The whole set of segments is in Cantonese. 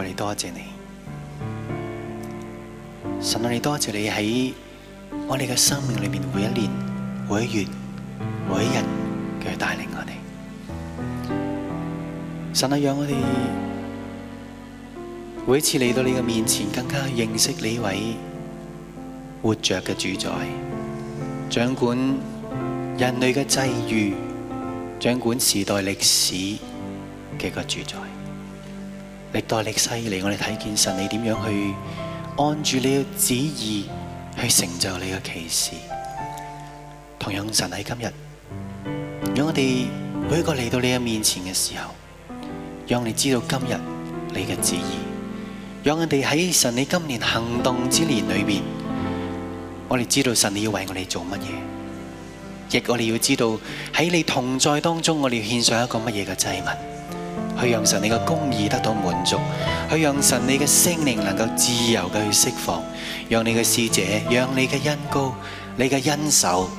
我哋多謝你，神。我哋多謝你喺我哋嘅生命裏面，每一年、每一月、每一日，佢帶領我哋。神啊，讓我哋每一次嚟到你嘅面前，更加認識你呢位活着嘅主宰，掌管人類嘅際遇，掌管時代歷史嘅個主宰。歷代歷世以來，我哋睇見神你點樣去按住你嘅旨意去成就你嘅奇事。同樣神喺今日，讓我哋每一個嚟到你嘅面前嘅時候，讓我哋知道今日你嘅旨意，讓我哋喺神你今年行動之年裏邊，我哋知道神你要為我哋做乜嘢，亦我哋要知道喺你同在當中，我哋要獻上一個乜嘢嘅祭物。去讓神你嘅公義得到滿足，去讓神你嘅聖靈能夠自由嘅去釋放，讓你嘅使者，讓你嘅恩膏，你嘅恩手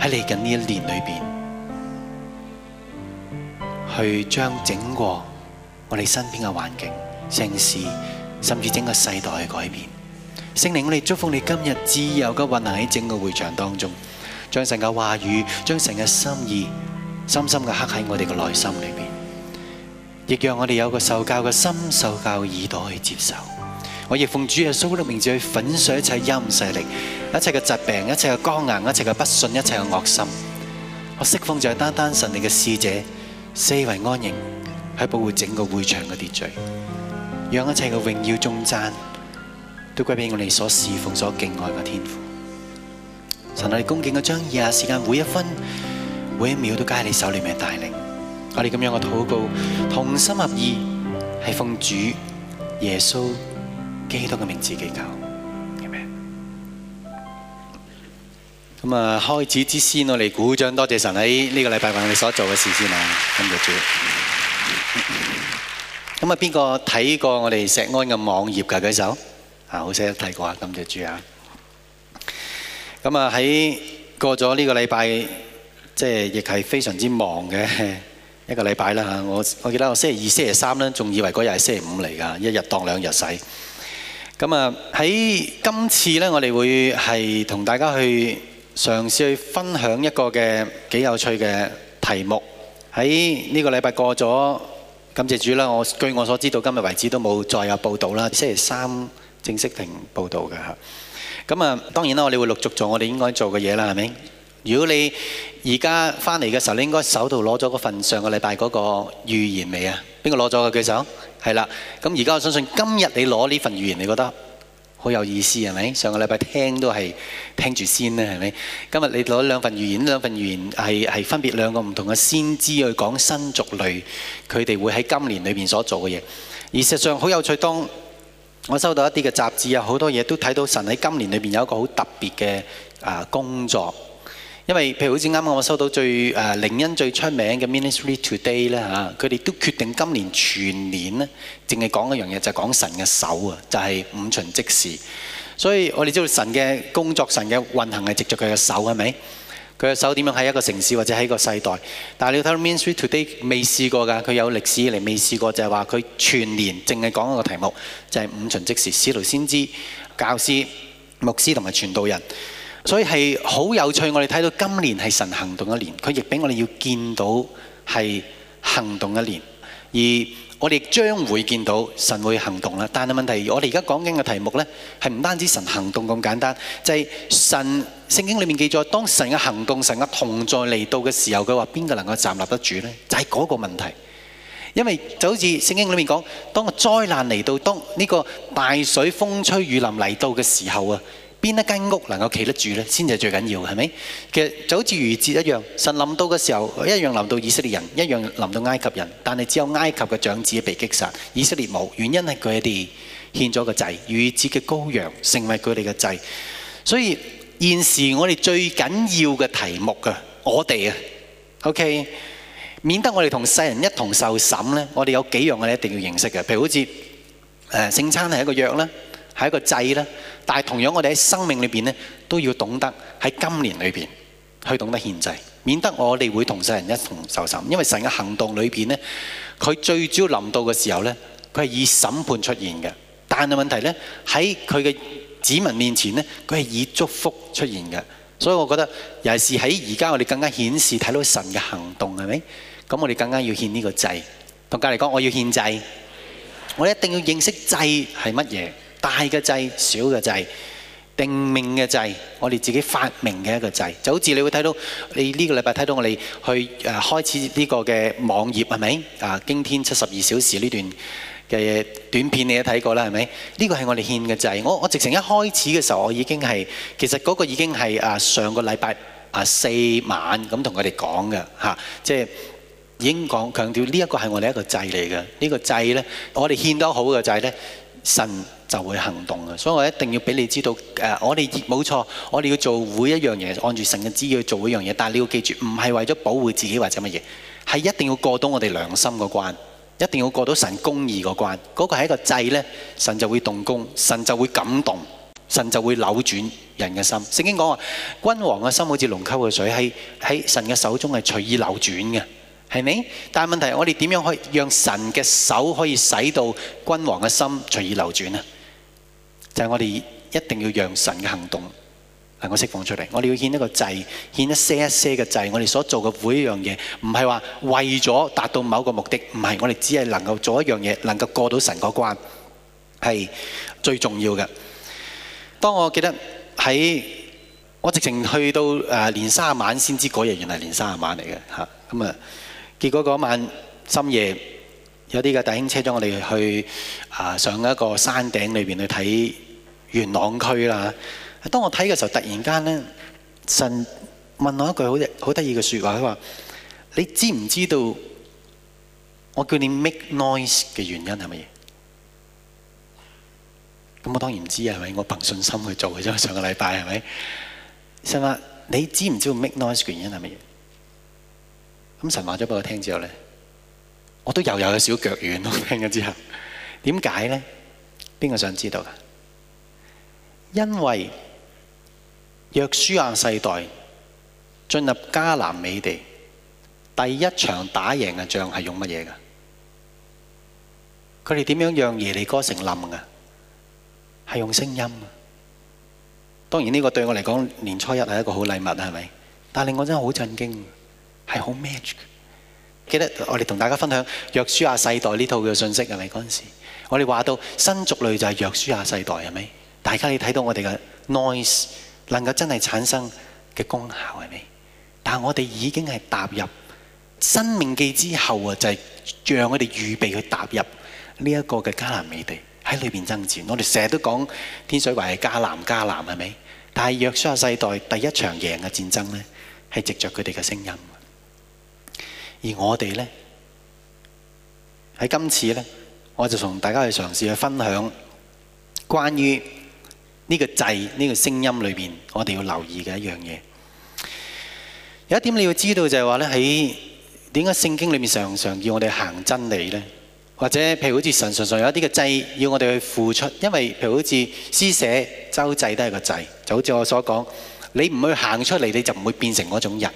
喺嚟緊呢一年裏邊，去將整個我哋身邊嘅環境、城市，甚至整個世代去改變。聖靈，我哋祝福你今日自由嘅運行喺整個會場當中，將神嘅話語，將神嘅心意深深嘅刻喺我哋嘅內心裏邊。亦讓我哋有個受教嘅心、受教嘅耳朵去接受。我亦奉主耶穌基督嘅名字去粉碎一切陰勢力、一切嘅疾病、一切嘅光硬、一切嘅不信、一切嘅惡心。我釋放就係單單神力嘅使者四圍安營，去保護整個會場嘅秩序，讓一切嘅榮耀頌讚都歸俾我哋所侍奉、所敬愛嘅天父。神，我哋恭敬嘅將以下時間每一分、每一秒都交喺你手裏面帶領。我哋咁樣嘅禱告，同心合意，係奉主耶穌基督嘅名字祈求，係咪？咁啊，開始之先，我哋鼓掌，多謝神喺呢個禮拜為我哋所做嘅事先啦。感謝主。咁、嗯、啊，邊個睇過我哋石安嘅網頁㗎？舉手？嗰時候，好識睇過啊，感謝主啊。咁啊，喺過咗呢個禮拜，即係亦係非常之忙嘅。一個禮拜啦嚇，我我記得我星期二、星期三呢，仲以為嗰日係星期五嚟㗎，一日當兩日使。咁啊，喺今次呢，我哋會係同大家去嘗試去分享一個嘅幾有趣嘅題目。喺呢個禮拜過咗，感謝主啦！我據我所知道今日為止都冇再有報導啦。星期三正式停報導㗎嚇。咁啊，當然啦，我哋會陸續做我哋應該做嘅嘢啦，係咪？如果你而家返嚟嘅時候，你應該手度攞咗嗰份上個禮拜嗰個預言未啊？邊個攞咗啊？舉手係啦。咁而家我相信今日你攞呢份預言，你覺得好有意思係咪？上個禮拜聽都係聽住先呢，係咪？今日你攞兩份預言，兩份預言係係分別兩個唔同嘅先知去講新族類，佢哋會喺今年裏面所做嘅嘢。而實上好有趣，當我收到一啲嘅雜誌啊，好多嘢都睇到神喺今年裏面有一個好特別嘅啊工作。因為譬如好似啱啱我收到最誒靈、呃、恩最出名嘅 Ministry Today 咧嚇，佢哋、啊、都決定今年全年咧，淨係講一樣嘢就係講神嘅手啊，就係、是就是、五重職事。所以我哋知道神嘅工作、神嘅運行係藉住佢嘅手，係咪？佢嘅手點樣喺一個城市或者喺一個世代？但係你要睇到 Ministry Today 未試過㗎，佢有歷史以嚟未試過，就係話佢全年淨係講一個題目，就係、是、五重職事。使徒先知、教師、牧師同埋傳道人。所以係好有趣，我哋睇到今年係神行動嘅年，佢亦俾我哋要見到係行動嘅年，而我哋亦將會見到神會行動啦。但係問題是，我哋而家講緊嘅題目呢，係唔單止神行動咁簡單，就係、是、神聖經裏面記載，當神嘅行動、神嘅同在嚟到嘅時候，佢話邊個能夠站立得住呢？就係、是、嗰個問題。因為就好似聖經裏面講，當個災難嚟到，當呢個大水、風吹雨淋嚟到嘅時候啊。邊一間屋能夠企得住呢？先至係最緊要嘅，係咪？其實就好似逾節一樣，神臨到嘅時候，一樣臨到以色列人，一樣臨到埃及人，但係只有埃及嘅長子被擊殺，以色列冇，原因係佢哋獻咗個祭，逾節嘅羔羊成為佢哋嘅祭。所以現時我哋最緊要嘅題目噶，我哋啊，OK，免得我哋同世人一同受審呢，我哋有幾樣我哋一定要認識嘅，譬如好似誒聖餐係一個約咧。係一個祭啦，但係同樣我哋喺生命裏邊咧，都要懂得喺今年裏邊去懂得獻祭，免得我哋會同世人一同受審。因為神嘅行動裏邊咧，佢最主要臨到嘅時候咧，佢係以審判出現嘅。但係問題咧，喺佢嘅子民面前咧，佢係以祝福出現嘅。所以我覺得，尤其是喺而家我哋更加顯示睇到神嘅行動，係咪？咁我哋更加要獻呢個祭。同隔籬講，我要獻祭，我哋一定要認識祭係乜嘢。大嘅掣，小嘅掣，定命嘅掣，我哋自己發明嘅一個掣。就好似你會睇到，你呢個禮拜睇到我哋去誒、啊、開始呢個嘅網頁，係咪啊？驚天七十二小時呢段嘅短片你都睇過啦，係咪？呢、這個係我哋獻嘅掣。我我直情一開始嘅時候，我已經係，其實嗰個已經係啊上個禮拜啊四晚咁同佢哋講嘅吓，即、啊、係、就是、已經講強調呢一個係我哋一個掣嚟嘅。呢個掣呢，我哋獻得好嘅掣呢，神就會行動，所以我一定要畀你知道，呃、我哋冇錯，我哋要做每一樣嘢，按住神嘅旨意去做每一樣嘢，但你要記住，唔係為咗保護自己或者乜嘢，係一定要過到我哋良心嘅關，一定要過到神公義嘅關，嗰、那個係一個制呢，神就會動工，神就會感動，神就會扭轉人嘅心。聖經講話，君王嘅心好似龍溝嘅水，在喺神嘅手中係隨意扭轉嘅。係咪？但係問題，我哋點樣可以讓神嘅手可以使到君王嘅心隨意流轉呢？就係、是、我哋一定要讓神嘅行動能夠釋放出嚟。我哋要建一個掣，建一些一些嘅掣。我哋所做嘅每一樣嘢，唔係話為咗達到某個目的，唔係我哋只係能夠做一樣嘢，能夠過到神嗰關，係最重要嘅。當我記得喺我直情去到誒年卅晚先知嗰嘢，原嚟係年卅晚嚟嘅吓，咁啊。結果嗰晚深夜有啲嘅弟兄車咗我哋去、呃、上一個山頂裏面去睇元朗區啦。當我睇嘅時候，突然間咧，神問我一句好得意嘅説話，佢話：你知唔知道我叫你 make noise 嘅原因係乜嘢？咁我當然唔知道係咪？我憑信心去做嘅啫。上個禮拜係咪？神話你知唔知道 make noise 嘅原因係乜嘢？神話咗俾我聽之後呢，我都柔柔嘅小腳軟咯。聽咗之後，之後點解呢？邊個想知道噶？因為約書亞世代進入迦南美地第一場打贏嘅仗係用乜嘢噶？佢哋點樣讓耶利哥城冧噶？係用聲音。當然呢個對我嚟講，年初一係一個好禮物，係咪？但係令我真係好震驚。係好 match 嘅。記得我哋同大家分享約書亞世代呢套嘅信息係咪嗰陣時？我哋話到新族類就係約書亞世代係咪？大家你睇到我哋嘅 noise 能夠真係產生嘅功效係咪？但係我哋已經係踏入申命記之後啊，就係、是、讓我哋預備去踏入呢一個嘅迦南美地喺裏面爭戰。我哋成日都講天水圍係迦南，迦南係咪？但係約書亞世代第一場贏嘅戰爭呢，係藉着佢哋嘅聲音。而我哋呢，喺今次呢，我就同大家去嘗試去分享關於呢個祭呢個聲音裏面，我哋要留意嘅一樣嘢。有一點你要知道就係話呢，喺點解聖經裏面常常叫我哋行真理呢？或者譬如好似神上有一啲嘅祭要我哋去付出，因為譬如好似施捨、周濟都係個祭。就好似我所講，你唔去行出嚟，你就唔會變成嗰種人。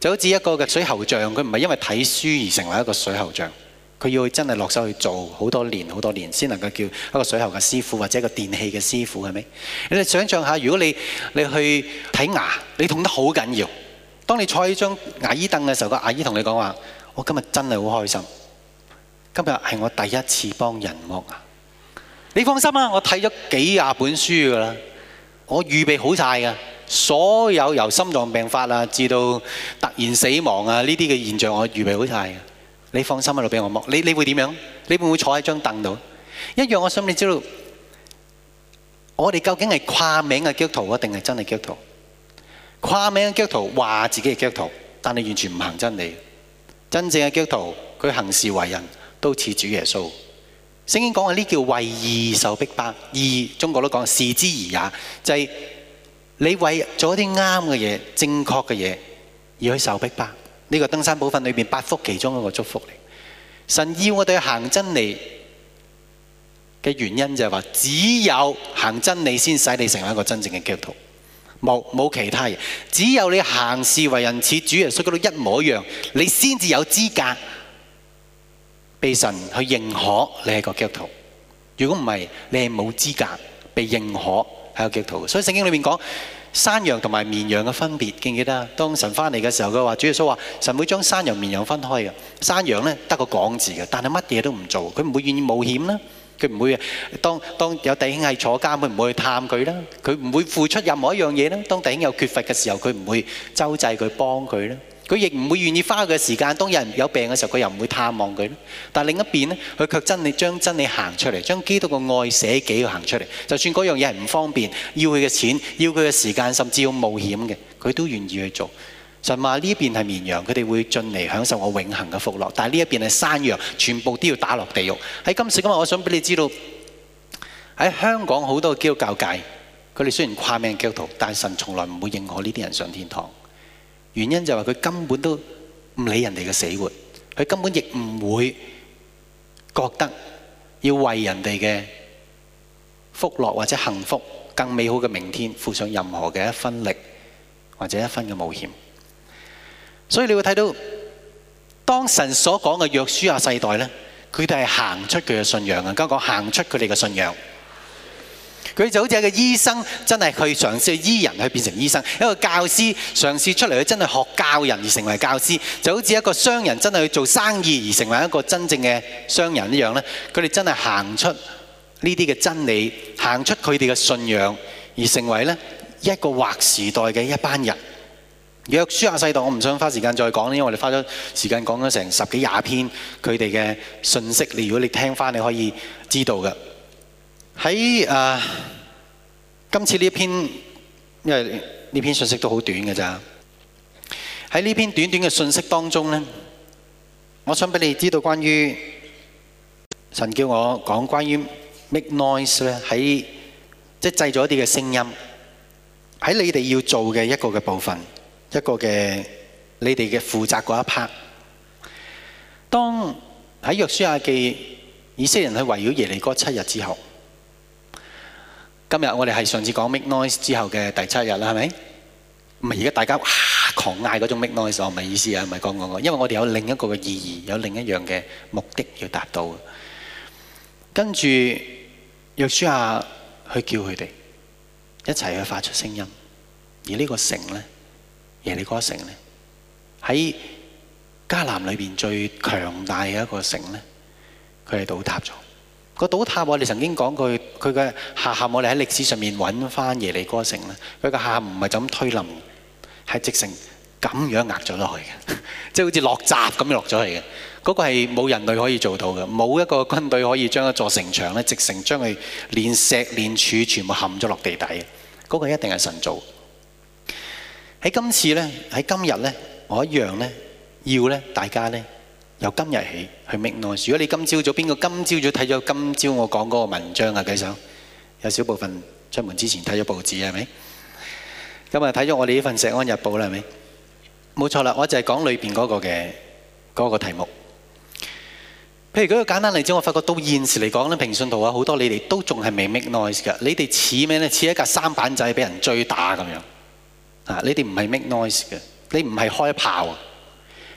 就好似一個嘅水喉匠，佢唔係因為睇書而成為一個水喉匠。佢要他真係落手去做好多年、好多年，先能夠叫一個水喉嘅師傅或者一個電器嘅師傅，係咪？你哋想象下，如果你你去睇牙，你痛得好緊要。當你坐喺張牙醫凳嘅時候，個牙醫同你講話：我今日真係好開心，今日係我第一次幫人剝牙。你放心啊，我睇咗幾廿本書㗎啦。我預備好晒㗎，所有由心臟病發啊，至到突然死亡啊，呢啲嘅現象我預備好晒㗎。你放心喺度俾我摸，你你會點樣？你會唔會坐喺張凳度？一樣，我想你知道，我哋究竟係跨名嘅基督徒定係真係基督徒？跨名嘅基督徒話自己係基督徒，但係完全唔行真理。真正嘅基督徒，佢行事為人都似主耶穌。聖經講話呢，叫為義受逼迫，義，中國都講是之義也，就係你為做一啲啱嘅嘢，正確嘅嘢而去受逼迫，呢、這個登山寶訓裏面八福其中的一個祝福嚟。神要我哋行真理嘅原因就係話，只有行真理先使你成為一個真正嘅基督徒，冇其他嘢，只有你行事為人似主耶穌一模一樣，你先至有資格。被神去認可你係個基督徒，如果唔係，你係冇資格被認可係個基督徒。所以聖經裏面講山羊同埋綿羊嘅分別，記唔記得啊？當神返嚟嘅時候，佢話：主耶穌話，神會將山羊綿羊分開嘅。山羊呢得個講字嘅，但係乜嘢都唔做，佢唔會願意冒險啦。佢唔會啊，當當有弟兄係坐監，佢唔會去探佢啦。佢唔會付出任何一樣嘢啦。當弟兄有缺乏嘅時候，佢唔會周濟佢幫佢咧。佢亦唔會願意花佢嘅時間，當有人有病嘅時候，佢又唔會探望佢。但另一邊咧，佢卻真係將真理行出嚟，將基督嘅愛寫幾個行出嚟。就算嗰樣嘢係唔方便，要佢嘅錢，要佢嘅時間，甚至要冒險嘅，佢都願意去做。神話呢邊係綿羊，佢哋會進嚟享受我永恆嘅福樂。但呢一邊係山羊，全部都要打落地獄。喺今時今日，我想俾你知道，喺香港好多基督教界，佢哋雖然掛名基督徒，但係神從來唔會認可呢啲人上天堂。原因就是他根本都不理人的死活，他根本也不會覺得要為人的福樂或者幸福更美好的明天，付上任何的一分力或者一分嘅冒險。所以你會看到，當神所講的約書亞世代，他是行出他的信仰，他是講行出他的信仰。佢就好似一個醫生，真係去嘗試去醫人，去變成醫生；一個教師嘗試出嚟去真係學教人而成為教師，就好似一個商人真係去做生意而成為一個真正嘅商人一樣呢，佢哋真係行出呢啲嘅真理，行出佢哋嘅信仰，而成為一個劃時代嘅一班人。約書亞世代，我唔想花時間再講，因為我哋花咗時間講咗成十幾廿篇佢哋嘅信息。你如果你聽翻，你可以知道嘅。喺、呃、今次呢一篇，因為呢篇信息都好短嘅咋。喺呢篇短短嘅信息當中呢，我想俾你知道關於神叫我講關於 make noise 呢，喺即係製咗一啲嘅聲音喺你哋要做嘅一個嘅部分，一個嘅你哋嘅負責嗰一 part。當喺約書亞記，以色列人去圍繞耶利哥七日之後。今日我哋係上次講 Make Noise 之後嘅第七日啦，係咪？唔係而家大家哇狂嗌嗰種 Make Noise，我唔係意思啊，唔係講講個，因為我哋有另一個嘅意義，有另一樣嘅目的要達到。跟住，約書亞去叫佢哋一齊去發出聲音，而呢個城咧，耶利哥城咧，喺迦南裏邊最強大嘅一個城咧，佢哋倒塌咗。那個倒塌我哋曾經講過佢嘅下陷，我哋喺歷史上面揾翻耶利哥城咧，佢嘅下陷唔係就咁推冧，係直成咁樣壓咗落去嘅，即係好似落閘咁落咗嚟嘅。嗰、那個係冇人類可以做到嘅，冇一個軍隊可以將一座城牆咧直成將佢連石連柱全部陷咗落地底嘅。嗰、那個一定係神造。喺今次咧，喺今日咧，我一樣咧要咧大家咧。由今日起去 make noise。如果你今朝早，邊個今朝早睇咗今朝我講嗰個文章啊，舉手。有少部分出門之前睇咗報紙係咪？今日睇咗我哋呢份《石安日報》啦係咪？冇錯啦，我就係講裏面嗰個嘅嗰個題目。譬如舉個簡單例子，我發覺到現時嚟講咧，平信徒啊好多你，你哋都仲係未 make noise 嘅。你哋似咩咧？似一架三板仔俾人追打咁樣啊！你哋唔係 make noise 嘅，你唔係開炮啊。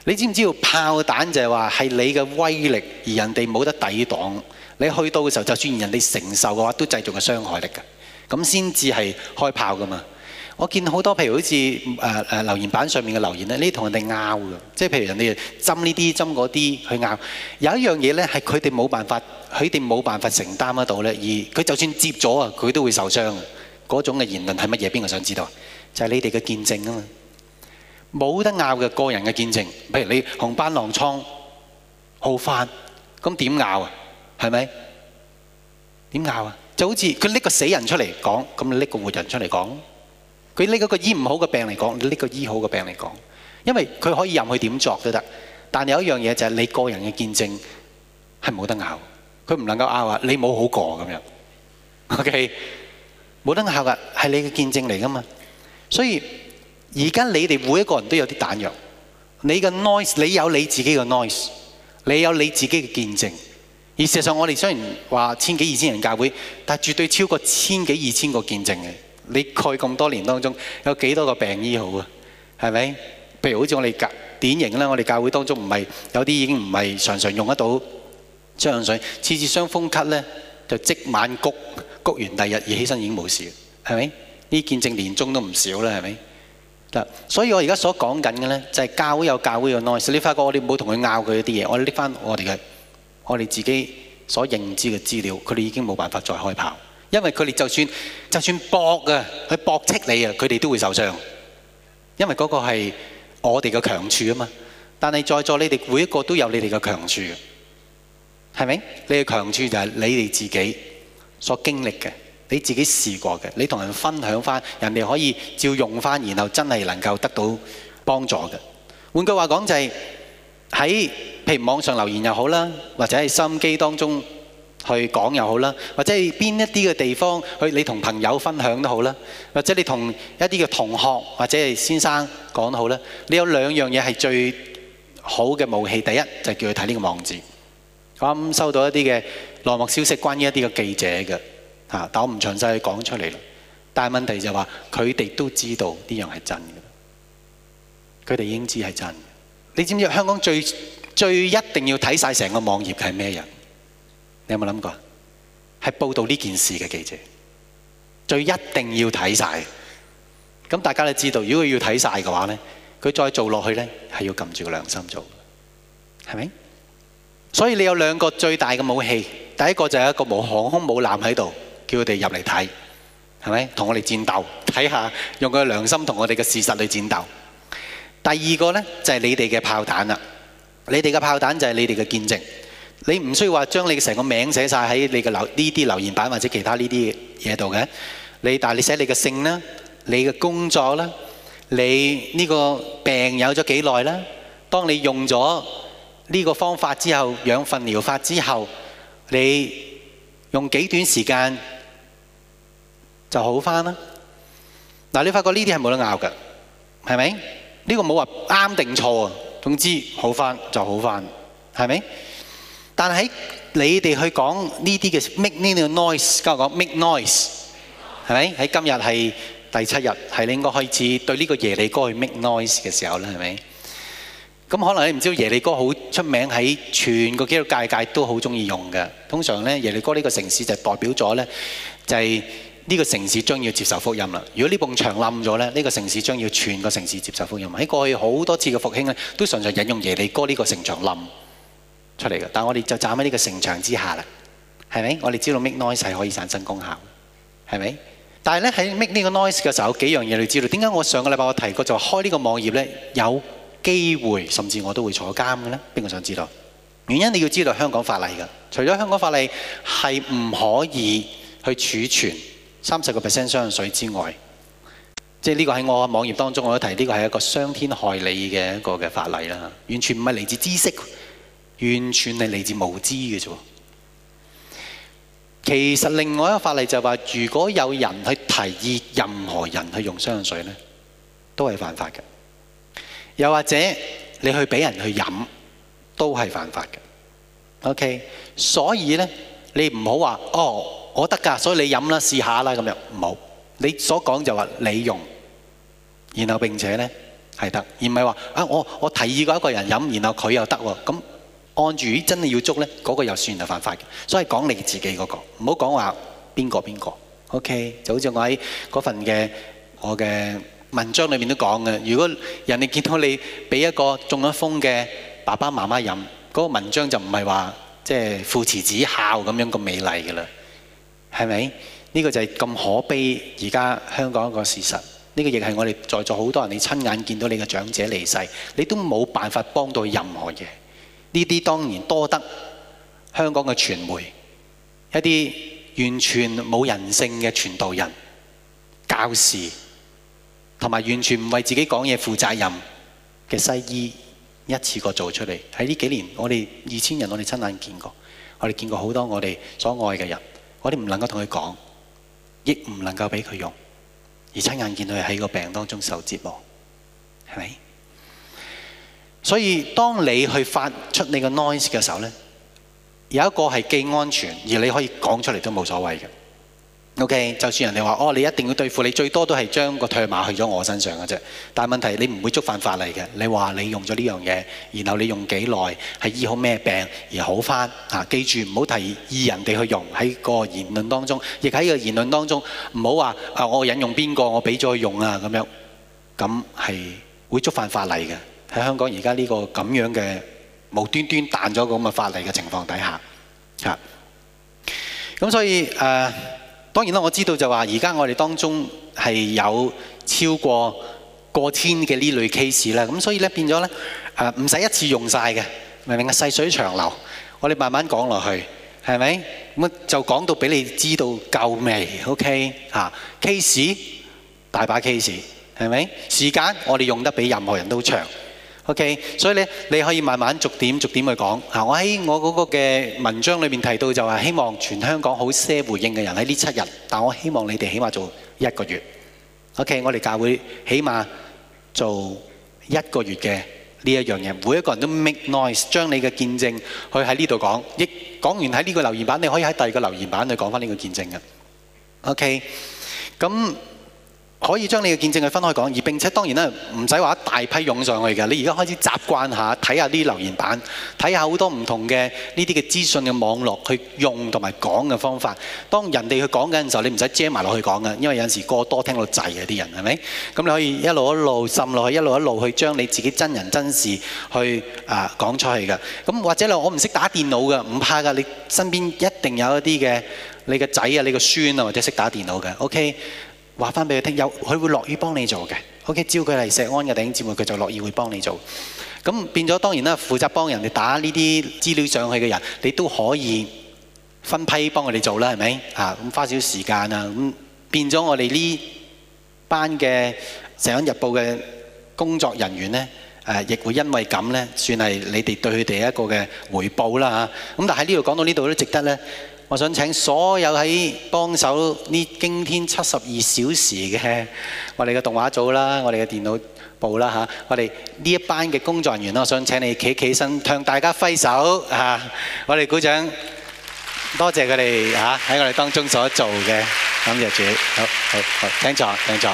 你知唔知道炮彈就係話係你嘅威力，而人哋冇得抵擋。你去到嘅時候，就算人哋承受嘅話，都製造嘅傷害力㗎。咁先至係開炮㗎嘛。我見好多譬如好似、呃、留言板上面嘅留言呢，你同人哋拗嘅，即係譬如人哋針呢啲針嗰啲去拗。有一樣嘢呢係佢哋冇辦法，佢哋冇辦法承擔得到呢。而佢就算接咗佢都會受傷。嗰種嘅言論係乜嘢？邊個想知道？就係、是、你哋嘅見證啊嘛。冇得拗嘅個人嘅見證，譬如你紅斑狼瘡好翻，咁點拗啊？係咪？點拗啊？就好似佢拎個死人出嚟講，咁你拎個活人出嚟講，佢拎嗰個醫唔好嘅病嚟講，你拎個醫好嘅病嚟講，因為佢可以任佢點作都得。但係有一樣嘢就係你個人嘅見證係冇得拗，佢唔能夠拗啊！你冇好過咁樣，OK，冇得拗㗎，係你嘅見證嚟㗎嘛，所以。而家你哋每一個人都有啲彈藥，你嘅 noise，你有你自己嘅 noise，你有你自己嘅見證。而事實上，我哋雖然話千幾二千人教會，但絕對超過千幾二千個見證嘅。你蓋咁多年當中有幾多個病醫好啊？係咪？譬如好似我哋教典型啦，我哋教會當中唔係有啲已經唔係常常用得到。湯水次次傷風咳咧，就即晚谷，谷完第二日而起身已經冇事是，係咪？呢見證年終都唔少啦，係咪？所以我而家所講緊嘅呢，就係教會有教會嘅 noise。你發覺我哋冇同佢拗佢啲嘢，我拎翻我哋嘅，我哋自己所認知嘅資料，佢哋已經冇辦法再開炮，因為佢哋就算就算搏啊，去駁斥你啊，佢哋都會受傷，因為嗰個係我哋嘅強處啊嘛。但係在座你哋每一個都有你哋嘅強處，係咪？你嘅強處就係你哋自己所經歷嘅。你自己試過嘅，你同人分享翻，人哋可以照用翻，然後真係能夠得到幫助嘅。換句話講，就係喺譬如網上留言又好啦，或者喺收音機當中去講又好啦，或者係邊一啲嘅地方去你同朋友分享都好啦，或者你同一啲嘅同學或者係先生講都好啦。你有兩樣嘢係最好嘅武器，第一就係叫佢睇呢個網址。我啱收到一啲嘅內幕消息，關於一啲嘅記者嘅。但我唔詳細講出嚟，但係問題就係話，佢哋都知道呢樣係真嘅，佢哋已經知係真嘅。你知唔知香港最最一定要睇晒成個網頁係咩人？你有冇諗過？係報導呢件事嘅記者，最一定要睇晒。咁大家都知道，如果要睇晒嘅話呢，佢再做落去呢，係要撳住個良心做，係咪？所以你有兩個最大嘅武器，第一個就係一個冇航空母艦喺度。叫佢哋入嚟睇，係咪同我哋戰鬥？睇下用佢嘅良心同我哋嘅事實去戰鬥。第二個呢，就係你哋嘅炮彈啦，你哋嘅炮彈就係你哋嘅見證。你唔需要話將你嘅成個名寫晒喺你嘅留呢啲留言板或者其他呢啲嘢度嘅。你但係你寫你嘅姓啦，你嘅工作啦，你呢個病有咗幾耐啦？當你用咗呢個方法之後，氧份療法之後，你用幾短時間？就好翻啦！嗱，你發覺呢啲係冇得拗㗎，係咪？呢個冇話啱定錯啊！總之好翻就好翻，係咪？但係喺你哋去講呢啲嘅 make 呢個 noise，咁我講 make noise，係咪？喺今日係第七日，係你應該開始對呢個耶利哥去 make noise 嘅時候啦，係咪？咁可能你唔知道耶利哥好出名，喺全個基督教界都好中意用嘅。通常咧，耶利哥呢個城市就代表咗咧，就係。呢個城市將要接受福音啦！如果呢埲牆冧咗呢，呢個城市將要全個城市接受福音。喺過去好多次嘅復興呢，都常常引用耶利哥呢個城牆冧出嚟嘅。但我哋就站喺呢個城牆之下啦，係咪？我哋知道 make noise 係可以產生功效，係咪？但係呢，喺 make 呢個 noise 嘅時候，有幾樣嘢你知道。點解我上個禮拜我提過就話開呢個網頁呢，有機會，甚至我都會坐監嘅呢。邊個想知道？原因你要知道香港法例嘅。除咗香港法例係唔可以去儲存。三十個 percent 香水之外，即係呢個喺我嘅網頁當中我都提，呢個係一個傷天害理嘅一個嘅法例啦。完全唔係嚟自知識，完全係嚟自無知嘅啫。其實另外一個法例就係話，如果有人去提議任何人去用香水咧，都係犯法嘅。又或者你去俾人去飲，都係犯法嘅。OK，所以咧，你唔好話哦。我得㗎，所以你飲啦，試下啦咁樣，唔好。你所講就話你用，然後並且咧係得，而唔係話我提議過一個人飲，然後佢又得喎。咁按住真係要捉咧，嗰個又算係犯法嘅。所以講你自己嗰個，唔好講話邊個邊個。OK，就好似我喺嗰份嘅我嘅文章裏面都講嘅。如果人哋見到你俾一個中咗風嘅爸爸媽媽飲，嗰個文章就唔係話即係父慈子孝咁樣個美麗㗎啦。係咪呢個就係咁可悲？而家香港一個事實，呢個亦係我哋在座好多人，你親眼見到你嘅長者離世，你都冇辦法幫到任何嘢。呢啲當然多得香港嘅傳媒，一啲完全冇人性嘅傳道人、教士，同埋完全唔為自己講嘢負責任嘅西醫，一次過做出嚟喺呢幾年。我哋二千人，我哋親眼見過，我哋見過好多我哋所愛嘅人。我哋唔能夠同佢講,亦唔能夠俾佢用。而親眼見到佢喺個病當中受折磨，係咪？所以當你去發出你個 noise 嘅時候呢，有一個係既安全而你可以講出嚟都冇所謂嘅。O.K. 就算人哋話哦，你一定要對付，你最多都係將個唾罵去咗我身上嘅啫。但係問題你唔會觸犯法例嘅。你話你用咗呢樣嘢，然後你用幾耐，係醫好咩病而好返啊？記住唔好提議人哋去用喺個言論當中，亦喺個言論當中唔好話啊！我引用邊個，我俾咗佢用啊咁樣，咁係會觸犯法例嘅。喺香港而家呢個咁樣嘅無端端彈咗個咁嘅法例嘅情況底下，嚇、啊、咁所以誒。啊。當然啦，我知道就話而家我哋當中係有超過過千嘅呢類 okay? case 啦。咁所以咧變咗咧，唔使一次用曬嘅，明唔明啊？細水長流，我哋慢慢講落去，係咪？咁啊，就講到俾你知道夠未？OK 嚇，case 大把 case，OK，所以咧，你可以慢慢逐點逐點去講。啊，我喺我嗰個嘅文章裏面提到就係希望全香港好些回應嘅人喺呢七日，但我希望你哋起碼做一個月。OK，我哋教會起碼做一個月嘅呢一樣嘢，每一個人都 make noise，將你嘅見證去喺呢度講。亦講完喺呢個留言板，你可以喺第二個留言板去講返呢個見證嘅。OK，咁。可以將你嘅見證去分開講，而並且當然咧，唔使話一大批湧上去嘅。你而家開始習慣下睇下啲留言板，睇下好多唔同嘅呢啲嘅資訊嘅網絡去用同埋講嘅方法。當人哋去講緊嘅時候，你唔使遮埋落去講嘅，因為有陣時過多聽到滯啊啲人係咪？咁你可以一路一路滲落去，一路一路去將你自己真人真事去啊講出去嘅。咁或者你話我唔識打電腦嘅，唔怕㗎，你身邊一定有一啲嘅你嘅仔啊、你個孫啊，或者識打電腦嘅，OK。話翻俾佢聽，有佢會樂於幫你做嘅。OK，只要佢係石安嘅頂尖姊妹，佢就樂意會幫你做。咁變咗當然啦，負責幫人哋打呢啲資料上去嘅人，你都可以分批幫佢哋做啦，係咪？啊，咁花少少時間啊，咁變咗我哋呢班嘅石安日報嘅工作人員呢，亦、啊、會因為咁呢，算係你哋對佢哋一個嘅回報啦咁、啊、但係呢度講到呢度都值得呢。我想請所有喺幫手呢驚天七十二小時嘅我哋嘅動畫組啦，我哋嘅電腦部啦嚇，我哋呢一班嘅工作人員，我想請你企起身向大家揮手嚇，我哋鼓掌，多謝佢哋嚇喺我哋當中所做嘅，感謝主，好好好，請坐請坐。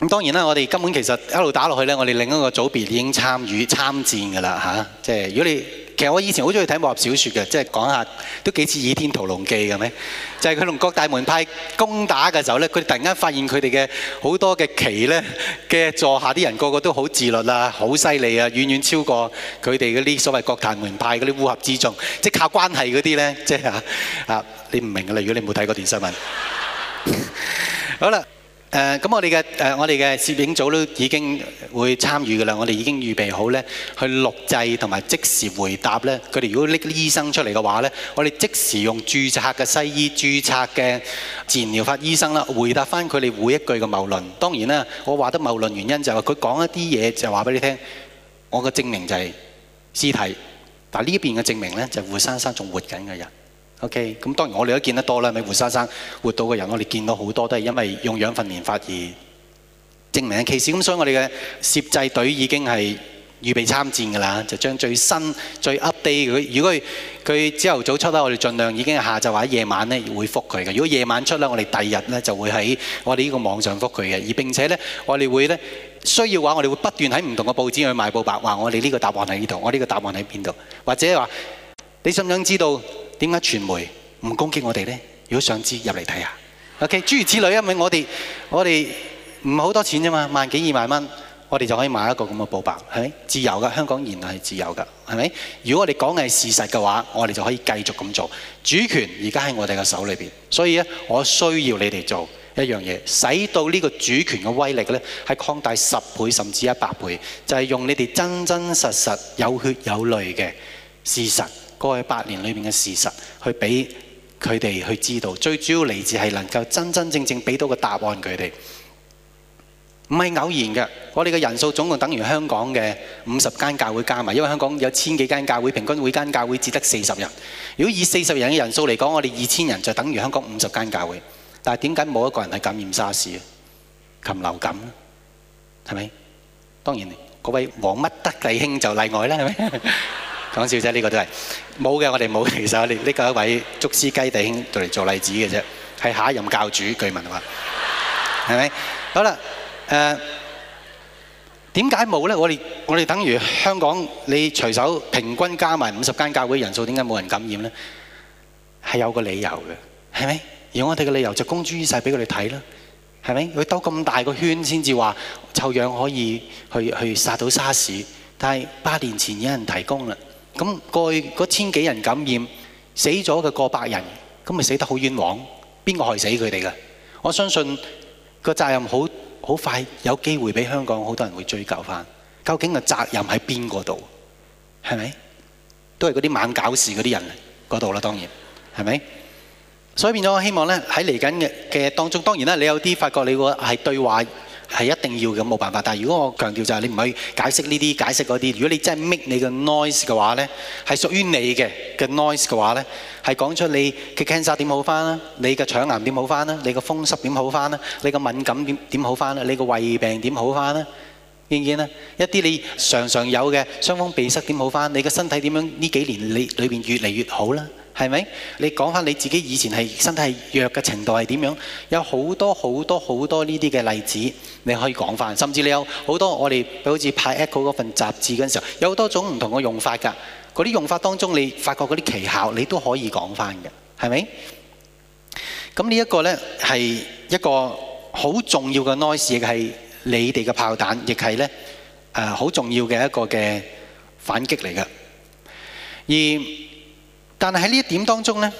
咁當然啦，我哋根本其實一路打落去呢，我哋另一個組別已經參與參戰㗎啦嚇，即係如果你。其實我以前好中意睇武俠小說嘅，即係講下都幾似《倚天屠龍記》嘅咩？就係佢同各大門派攻打嘅時候咧，佢哋突然間發現佢哋嘅好多嘅旗，咧嘅座下啲人個個都好自律啊，好犀利啊，遠遠超過佢哋嗰啲所謂各大門派嗰啲烏合之眾，即係靠關係嗰啲咧，即係嚇嚇你唔明嘅啦。如果你冇睇過段新聞， 好啦。誒、呃、我哋嘅誒我哋攝影組都已經會參與嘅啦。我哋已經預備好呢去錄製同埋即時回答呢，佢哋如果拎啲醫生出嚟嘅話呢，我哋即時用註冊嘅西醫、註冊嘅自然療法醫生啦，回答翻佢哋每一句嘅謬論。當然啦，我話得謬論原因就係佢講一啲嘢就話俾你聽。我嘅證明就係屍體，但呢邊嘅證明呢，就係活生生仲活緊嘅人。OK，咁當然我哋都見得多啦，咪胡珊生活到嘅人，我哋見到好多都係因為用氧訓練法而證明嘅 case。咁所以我哋嘅攝製隊已經係預備參戰㗎啦，就將最新、最 update。如果佢朝頭早出，我哋盡量已經係下晝或者夜晚咧會覆佢嘅。如果夜晚出，我哋第二日呢就會喺我哋呢個網上覆佢嘅。而並且呢，我哋會呢需要嘅話，我哋會不斷喺唔同嘅報紙去賣報白，話我哋呢個答案喺呢度，我呢個答案喺邊度，或者話你想唔想知道？點解傳媒唔攻擊我哋呢？如果想知入嚟睇下。O.K. 諸如此類，因為我哋我哋唔係好多錢啫嘛，萬幾二萬蚊，我哋就可以買一個咁嘅報白，係咪？自由噶，香港言論係自由噶，係咪？如果我哋講嘅係事實嘅話，我哋就可以繼續咁做。主權而家喺我哋嘅手裏邊，所以咧，我需要你哋做一樣嘢，使到呢個主權嘅威力咧係擴大十倍甚至一百倍，就係、是、用你哋真真實實有血有淚嘅事實。過去八年裏面嘅事實，去俾佢哋去知道，最主要嚟自係能夠真真正正俾到個答案佢哋，唔係偶然嘅。我哋嘅人數總共等於香港嘅五十間教會加埋，因為香港有千幾間教會，平均每間教會只得四十人。如果以四十人嘅人數嚟講，我哋二千人就等於香港五十間教會。但係點解冇一個人係感染沙士？禽流感咧？係咪？當然，嗰位王乜德弟兄就例外啦，係咪？講笑啫，呢個都係冇嘅。我哋冇，其實呢我哋呢個一位竹絲雞弟兄嚟做例子嘅啫，係下一任教主據聞話，係咪？好啦，呃，點解冇咧？我哋我哋等於香港，你隨手平均加埋五十間教會人數，點解冇人感染咧？係有個理由嘅，係咪？而我哋嘅理由就公諸於世俾佢哋睇啦，係咪？佢兜咁大個圈先至話臭氧可以去去殺到沙士，但係八年前已經有人提供啦。咁過去嗰千幾人感染，死咗嘅過百人，咁咪死得好冤枉？邊個害死佢哋㗎？我相信個責任好快有機會俾香港好多人會追究返。究竟嘅責任喺邊個度？係咪都係嗰啲猛搞事嗰啲人嗰度啦？當然係咪？所以變咗我希望呢，喺嚟緊嘅嘅當中，當然啦，你有啲發覺你個係對話。係一定要嘅，冇辦法，但係如果我強調就係你唔可以解釋呢啲，解釋嗰啲。如果你真係 make 你嘅 noise 嘅話呢，係屬於你嘅 noise 嘅話呢，係講出你嘅 cancer 點好翻啦，你嘅腸癌點好翻啦，你嘅風濕點好翻啦，你嘅敏感點好翻啦，你嘅胃病點好翻啦，然呢，一啲你常常有嘅雙方鼻塞點好翻，你嘅身體點樣呢幾年裏面越嚟越好啦。係咪？你講翻你自己以前係身體弱嘅程度係點樣？有好多好多好多呢啲嘅例子你可以講翻，甚至你有好多我哋好似派 echo 嗰份雜誌嗰陣時候，有好多種唔同嘅用法㗎。嗰啲用法當中，你發覺嗰啲奇效，你都可以講翻嘅，係咪？咁呢一個咧係一個好重要嘅 noise，亦係你哋嘅炮彈，亦係咧誒好重要嘅一個嘅反擊嚟嘅。而但係喺呢一點當中咧，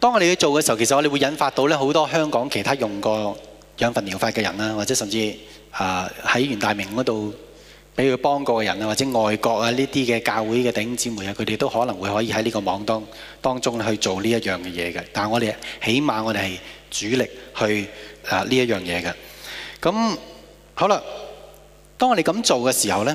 當我哋去做嘅時候，其實我哋會引發到咧好多香港其他用過養分療法嘅人啦，或者甚至啊喺袁大明嗰度俾佢幫過嘅人啊，或者外國啊呢啲嘅教會嘅弟兄姊妹啊，佢哋都可能會可以喺呢個網當當中去做呢一樣嘅嘢嘅。但係我哋起碼我哋係主力去啊呢一樣嘢嘅。咁好啦，當我哋咁做嘅時候咧。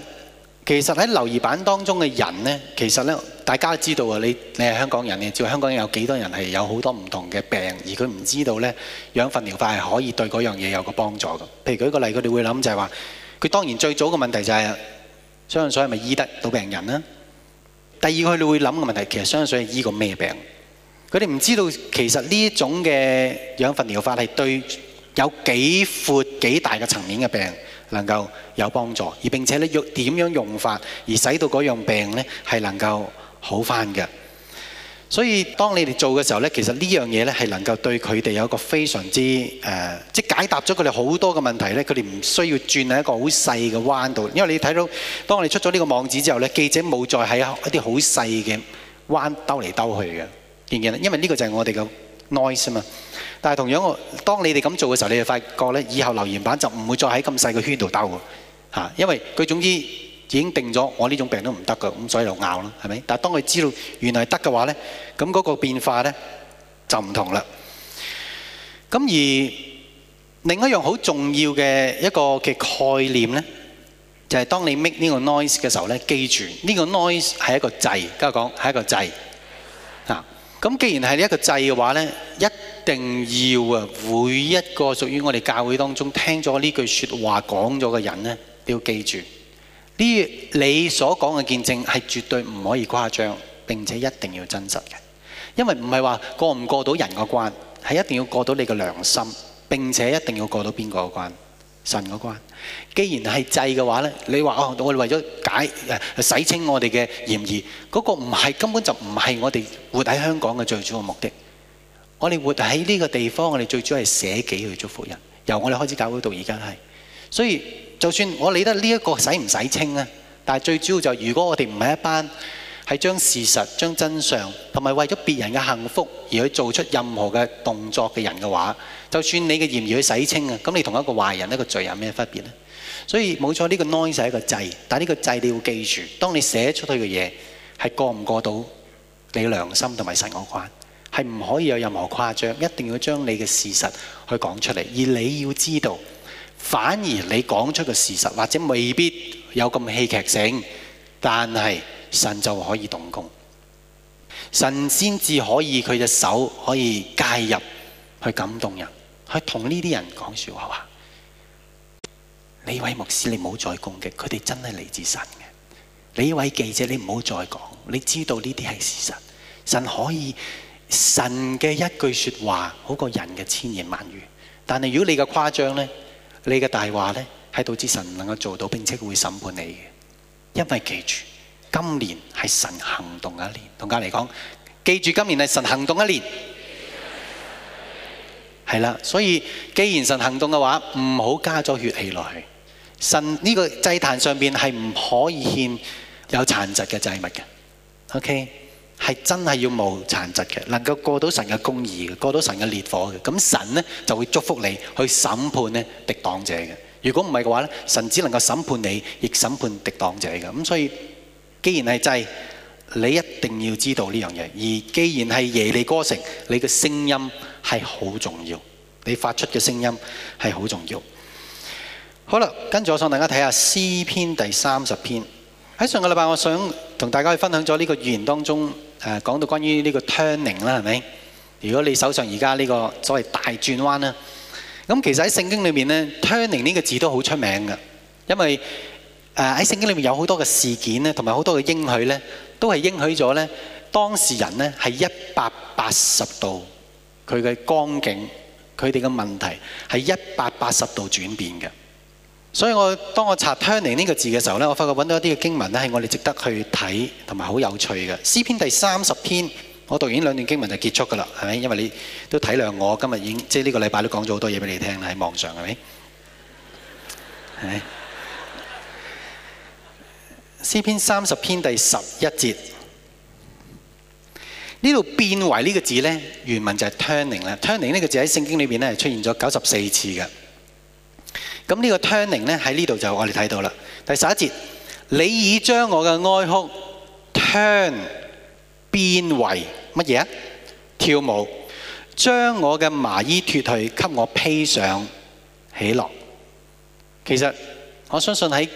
其實喺留言板當中嘅人呢，其實呢，大家都知道啊，你你係香港人你知道香港人有幾多人係有好多唔同嘅病，而佢唔知道呢，氧份療法係可以對嗰樣嘢有個幫助嘅。譬如舉個例，佢哋會諗就係話，佢當然最早嘅問題就係雙氧水係咪醫得到病人啦？第二佢哋會諗嘅問題是其實雙氧水係醫過咩病？佢哋唔知道其實呢一種嘅氧份療法係對有幾闊幾大嘅層面嘅病。能夠有幫助，而並且咧要點樣用法，而使到嗰樣病咧係能夠好翻嘅。所以當你哋做嘅時候咧，其實呢樣嘢咧係能夠對佢哋有一個非常之誒、呃，即解答咗佢哋好多嘅問題咧，佢哋唔需要轉喺一個好細嘅彎度，因為你睇到當我哋出咗呢個網址之後咧，記者冇再喺一啲好細嘅彎兜嚟兜去嘅，見唔見咧？因為呢個就係我哋嘅。noise 啊嘛，但係同樣我當你哋咁做嘅時候，你哋發覺咧，以後留言板就唔會再喺咁細個圈度兜吓，因為佢總之已經定咗，我呢種病都唔得㗎，咁所以就拗啦，係咪？但係當佢知道原來係得嘅話咧，咁嗰個變化咧就唔同啦。咁而另一樣好重要嘅一個嘅概念咧，就係當你 make 呢個 noise 嘅時候咧，記住呢個 noise 係一個掣，家講係一個掣。咁既然係一個祭嘅話咧，一定要啊，每一個屬於我哋教會當中聽咗呢句話、說話、講咗嘅人咧，都要記住呢，你所講嘅見證係絕對唔可以誇張，並且一定要真實嘅。因為唔係話過唔過到人個關，係一定要過到你嘅良心，並且一定要過到邊個嘅關。神嗰關，既然係祭嘅話咧，你話哦，我哋為咗解誒洗清我哋嘅嫌疑，嗰個唔係根本就唔係我哋活喺香港嘅最主要目的。我哋活喺呢個地方，我哋最主要係捨己去祝福人，由我哋開始教會到而家係。所以就算我理得呢一個洗唔洗清啊，但係最主要就係如果我哋唔係一班係將事實、將真相同埋為咗別人嘅幸福而去做出任何嘅動作嘅人嘅話。就算你嘅嫌疑去洗清啊，咁你同一個壞人一個罪有咩分別呢？所以冇錯，呢個 noise 係一個制，但係呢個制你要記住，當你寫出去嘅嘢係過唔過到你良心同埋神眼關，係唔可以有任何誇張，一定要將你嘅事實去講出嚟。而你要知道，反而你講出嘅事實或者未必有咁戲劇性，但係神就可以動工，神先至可以佢隻手可以介入去感動人。去同呢啲人講説話話，呢位牧師，你唔好再攻擊，佢哋真係嚟自神嘅。呢位記者，你唔好再講，你知道呢啲係事實。神可以，神嘅一句説話好過人嘅千言萬語。但係如果你嘅誇張呢，你嘅大話呢，係導致神唔能夠做到，並且佢會審判你嘅。因為記住，今年係神行動嘅一年。同家嚟講，記住今年係神行動一年。係啦，所以既然神行動嘅話，唔好加咗血氣落去。神呢個祭壇上邊係唔可以獻有殘疾嘅祭物嘅。OK 係真係要冇殘疾嘅，能夠過到神嘅公義嘅，過到神嘅烈火嘅。咁神呢就會祝福你去審判呢敵擋者嘅。如果唔係嘅話呢，神只能夠審判你，亦審判敵擋者嘅。咁所以既然係祭，你一定要知道呢樣嘢。而既然係耶利哥城，你嘅聲音。係好重要，你發出嘅聲音係好重要。好啦，跟住我想大家睇下詩篇第三十篇。喺上個禮拜，我想同大家去分享咗呢個語言當中誒，講、呃、到關於呢個 turning 啦，係咪？如果你手上而家呢個所謂大轉彎啦，咁其實喺聖經裏面呢 turning 呢個字都好出名嘅，因為誒喺聖經裏面有好多嘅事件呢，同埋好多嘅應許呢，都係應許咗呢，當事人呢係一百八十度。佢嘅光景，佢哋嘅問題係一百八十度轉變嘅。所以我當我查 turning 呢個字嘅時候呢，我發覺揾到一啲嘅經文呢，係我哋值得去睇同埋好有趣嘅。詩篇第三十篇，我讀完兩段經文就結束㗎啦，係咪？因為你都體諒我今日已經，即係呢個禮拜都講咗好多嘢俾你聽啦，喺網上，係咪？係咪？詩篇三十篇第十一節。呢度變為呢個字呢，原文就係 turning 啦。turning 呢個字喺聖經裏邊呢，係出現咗九十四次嘅。咁呢個 turning 呢，喺呢度就我哋睇到啦。第十一節，你已將我嘅哀哭 turn 變為乜嘢？跳舞，將我嘅麻衣脫去，給我披上喜樂。其實我相信喺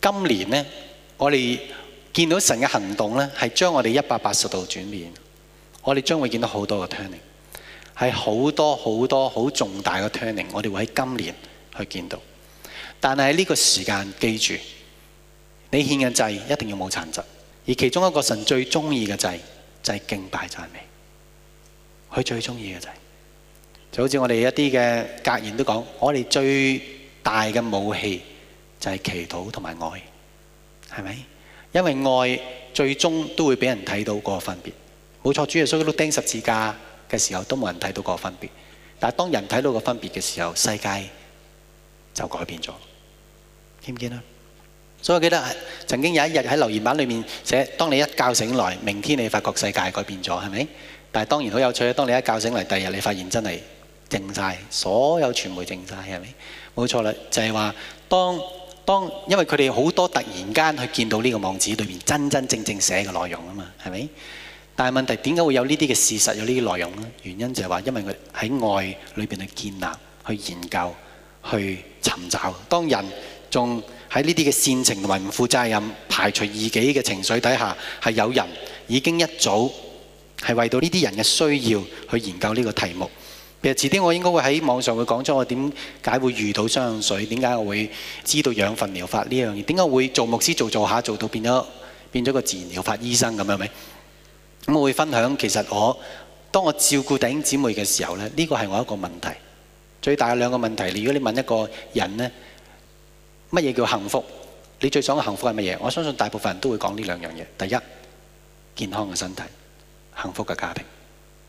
今年呢，我哋。見到神嘅行動咧，係將我哋一百八十度轉面，我哋將會見到好多個 turning，係好多好多好重大嘅 turning。我哋會喺今年去見到，但係呢個時間記住，你獻嘅祭一定要冇殘疾。而其中一個神最中意嘅祭就係敬拜讚美，佢最中意嘅祭就好似我哋一啲嘅格言都講，我哋最大嘅武器就係祈禱同埋愛，係咪？因為愛最終都會俾人睇到嗰個分別，冇錯。主耶穌攞釘十字架嘅時候都冇人睇到嗰個分別，但係當人睇到個分別嘅時候，世界就改變咗，見唔見啊？所以我記得曾經有一日喺留言板裏面寫，當你一覺醒來，明天你發覺世界改變咗，係咪？但係當然好有趣啊！當你一覺醒嚟，第二日你發現真係靜晒，所有傳媒靜晒，係咪？冇錯啦，就係話當。當因為佢哋好多突然間去見到呢個網址裏面真真正正寫嘅內容啊嘛，係咪？但係問題，點解會有呢啲嘅事實有呢啲內容呢？原因就係話，因為佢喺愛裏邊去建立、去研究、去尋找。當人仲喺呢啲嘅煽情同埋唔負責任、排除異己嘅情緒底下，係有人已經一早係為到呢啲人嘅需要去研究呢個題目。其實遲啲我應該會喺網上會講出我點解會遇到雙水，點解我會知道養份療法呢樣嘢，點解會做牧師做做下做，做，做，做到變咗變咗個自然療法醫生咁樣咪？咁我會分享，其實我當我照顧弟兄姊妹嘅時候咧，呢個係我一個問題，最大嘅兩個問題。如果你問一個人呢，乜嘢叫幸福？你最想嘅幸福係乜嘢？我相信大部分人都會講呢兩樣嘢。第一，健康嘅身體，幸福嘅家庭，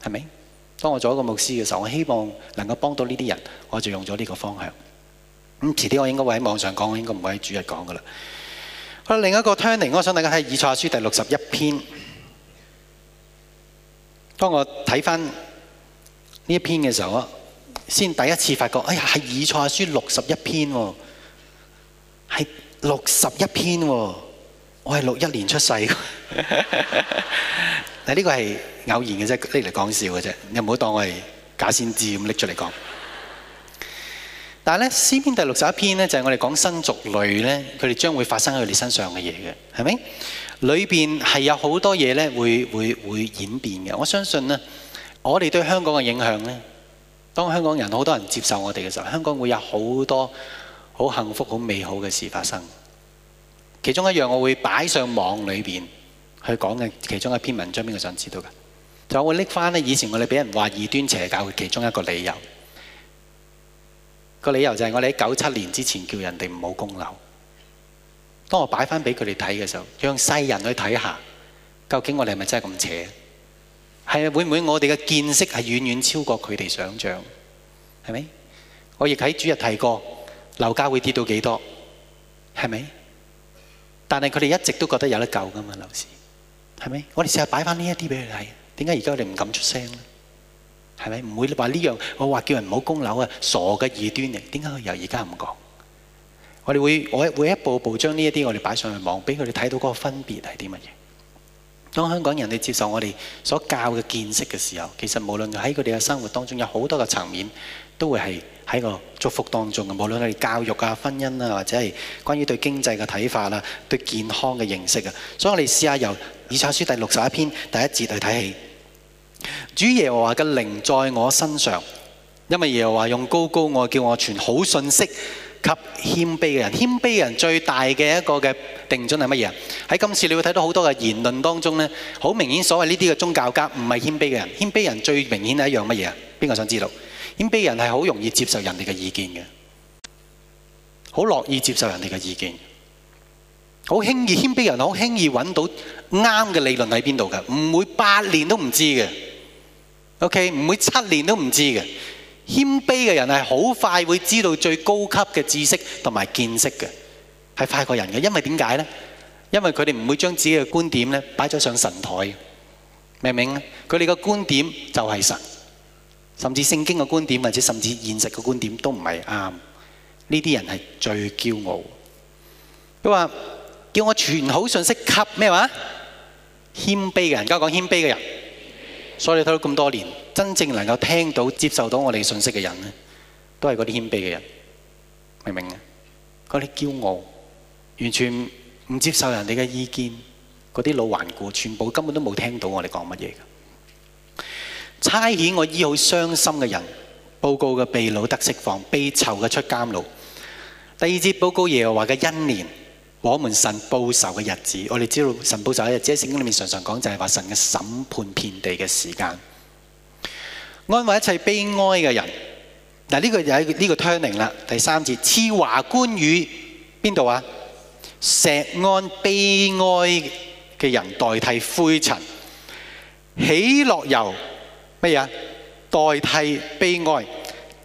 係咪？當我做一個牧師嘅時候，我希望能夠幫到呢啲人，我就用咗呢個方向。咁遲啲我應該會喺網上講，我應該唔會喺主日講噶啦。好啦，另一個 turning，我想大家睇以賽亞書第六十一篇。當我睇翻呢一篇嘅時候啊，先第一次發覺，哎呀，係以賽亞書六十一篇喎，係六十一篇喎，我係六一年出世。 嗱、這、呢個係偶然嘅啫，拎嚟講笑嘅啫，你唔好當我係假先知咁拎出嚟講。但係呢，詩詩篇第六十一篇呢，就係、是、我哋講新族類咧，佢哋將會發生喺佢哋身上嘅嘢嘅，係咪？裏面係有好多嘢咧，會會會演變嘅。我相信呢，我哋對香港嘅影響呢，當香港人好多人接受我哋嘅時候，香港會有好多好幸福、好美好嘅事發生。其中一樣，我會擺上網裏面。佢講嘅其中一篇文章，邊個想知道嘅？就我會拎翻咧，以前我哋俾人話異端邪教嘅其中一個理由，個理由就係我哋喺九七年之前叫人哋唔好供樓。當我擺翻俾佢哋睇嘅時候，讓世人去睇下究竟我哋係咪真係咁邪？係啊，會唔會我哋嘅見識係遠遠超過佢哋想象？係咪？我亦喺主日提過樓價會跌到幾多？係咪？但係佢哋一直都覺得有得救噶嘛，樓市。係咪？我哋試下擺翻呢一啲俾佢睇。點解而家我哋唔敢出聲咧？係咪？唔會話呢樣，我話叫人唔好供樓啊，傻嘅二端嘅。點解佢由而家咁講？我哋會，我會一步步將呢一啲我哋擺上去網，俾佢哋睇到嗰個分別係啲乜嘢。當香港人哋接受我哋所教嘅見識嘅時候，其實無論喺佢哋嘅生活當中，有好多嘅層面都會係。喺個祝福當中啊，無論係教育啊、婚姻啊，或者係關於對經濟嘅睇法啦、對健康嘅認識啊，所以我哋試下由《以賽書》第六十一篇第一節去睇起，主耶和華嘅靈在我身上，因為耶和華用膏膏我叫我傳好信息。及謙卑嘅人，謙卑嘅人最大嘅一個嘅定準係乜嘢？喺今次你會睇到好多嘅言論當中呢，好明顯所謂呢啲嘅宗教家唔係謙卑嘅人。謙卑人最明顯係一樣乜嘢啊？邊個想知道？謙卑人係好容易接受人哋嘅意見嘅，好樂意接受人哋嘅意見，好輕易謙卑人好輕易揾到啱嘅理論喺邊度嘅，唔會八年都唔知嘅，OK，唔會七年都唔知嘅。謙卑嘅人係好快會知道最高級嘅知識同埋見識嘅，係快過人嘅。因為點解呢？因為佢哋唔會將自己嘅觀點呢擺咗上神台，明唔明？佢哋的觀點就係神，甚至聖經嘅觀點，或者甚至現實嘅觀點都唔係啱。呢啲人係最驕傲的。佢話叫我傳好信息給咩話？謙卑嘅人，而家講謙卑嘅人，所以你看睇咁多年。真正能夠聽到、接受到我哋信息嘅人咧，都係嗰啲謙卑嘅人，明唔明啊？嗰啲驕傲，完全唔接受人哋嘅意見，嗰啲老頑固，全部根本都冇聽到我哋講乜嘢嘅。差遣我醫好傷心嘅人，報告嘅被擄得釋放，被囚嘅出監牢。第二節報告，耶和華嘅恩年，我們神報仇嘅日子。我哋知道神報仇嘅日子喺聖經裏面常常講，就係話神嘅審判遍地嘅時間。安慰一切悲哀嘅人，嗱、這、呢個就喺呢個 turning 啦，第三節。賜華冠與邊度啊？錫安悲哀嘅人代替灰塵，喜樂由乜嘢啊？代替悲哀，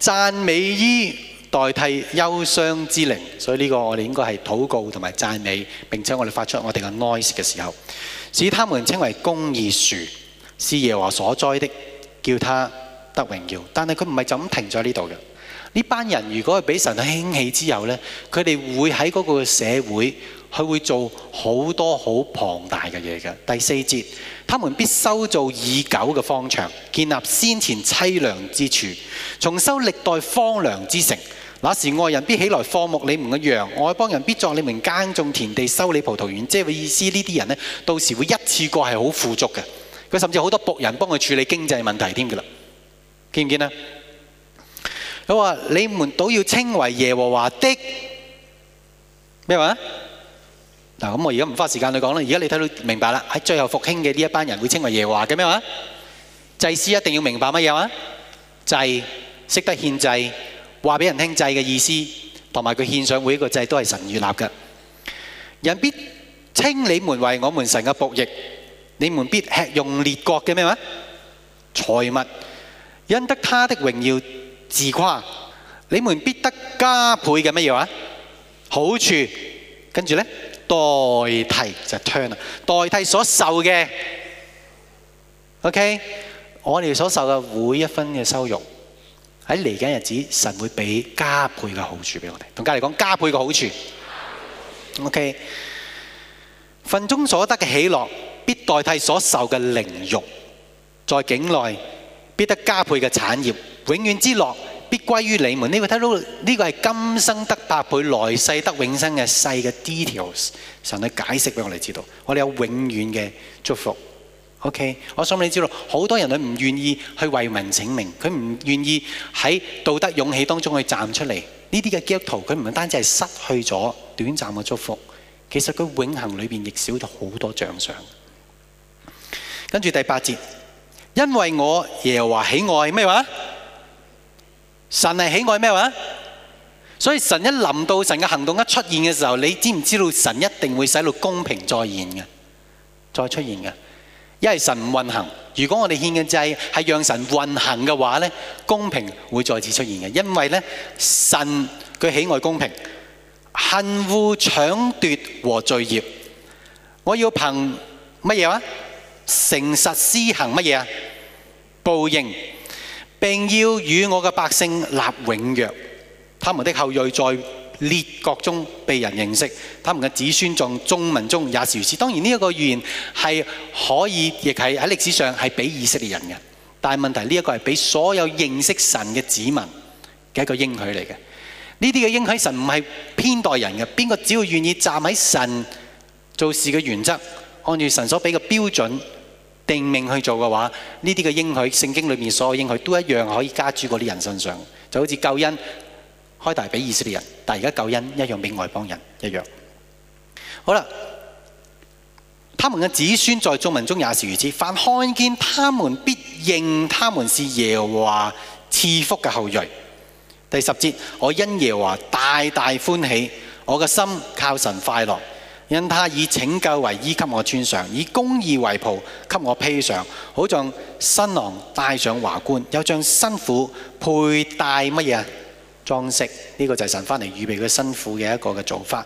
讚美衣代替憂傷之靈。所以呢個我哋應該係禱告同埋讚美，並且我哋發出我哋嘅 noise 嘅時候，使他們稱為公義樹，是耶和華所栽的，叫他。得榮耀，但係佢唔係就咁停在呢度嘅。呢班人如果係俾神興起之後呢，佢哋會喺嗰個社會，佢會做好多好龐大嘅嘢嘅。第四節，他們必修造已久嘅荒場，建立先前淒涼之處，重修歷代荒涼之城。那時外人必起來放牧你們嘅羊，外邦人必作你們耕種田地、修理葡萄園。即係個意思，呢啲人呢，到時會一次過係好富足嘅。佢甚至好多僕人幫佢處理經濟問題添㗎啦。見唔見啊？佢話你們都要稱為耶和華的咩話？嗱，咁我而家唔花時間去講啦。而家你睇到明白啦。喺最後復興嘅呢一班人會稱為耶和華嘅咩話？祭司一定要明白乜嘢話？祭識得獻祭，話俾人聽祭嘅意思，同埋佢獻上每一個祭都係神預立嘅。人必稱你們為我們神嘅僕役，你們必吃用列國嘅咩話？財物。因得他的榮耀自誇，你們必得加倍嘅乜嘢話？好處。跟住呢，代替就係 turn，代替所受嘅必得加倍嘅產業，永遠之樂必歸於你們。呢個睇到，呢個係今生得百倍，來世得永生嘅細嘅 details。上帝解釋俾我哋知道，我哋有永遠嘅祝福。OK，我想你知道，好多人都唔願意去為民請命，佢唔願意喺道德勇氣當中去站出嚟，呢啲嘅基督徒，佢唔單止係失去咗短暫嘅祝福，其實佢永恆裏邊亦少咗好多獎賞。跟住第八節。因為我耶和華喜愛咩話？神係喜愛咩話？所以神一臨到，神嘅行動一出現嘅時候，你知唔知道神一定會使到公平再現嘅，再出現嘅。因為神唔運行，如果我哋獻嘅祭係讓神運行嘅話呢，公平會再次出現嘅。因為呢，神佢喜愛公平，恨惡搶奪和罪孽。我要憑乜嘢啊？誠實施行乜嘢啊？報應，並要與我嘅百姓立永約。他們的後裔在列國中被人認識，他們嘅子孫在眾民中也是如此。當然呢一個預言係可以，亦係喺歷史上係俾以色列人嘅。但係問題呢一個係俾所有認識神嘅子民嘅一個應許嚟嘅。呢啲嘅應許，神唔係偏待人嘅，邊個只要願意站喺神做事嘅原則，按住神所俾嘅標準。定命去做嘅話，呢啲嘅應許，聖經裏面所有應許都一樣可以加注喺呢啲人身上，就好似救恩開大俾以色列人，但而家救恩一樣俾外邦人一樣。好啦，他們嘅子孫在眾民中也是如此，凡看見他們必認他們是耶和華賜福嘅後裔。第十節，我因耶和華大大歡喜，我嘅心靠神快樂。因他以拯救為衣給我穿上，以公義為袍給我披上，好像新郎戴上華冠，又像新婦佩戴乜嘢啊？裝飾，呢個就係神翻嚟預備佢新婦嘅一個嘅做法。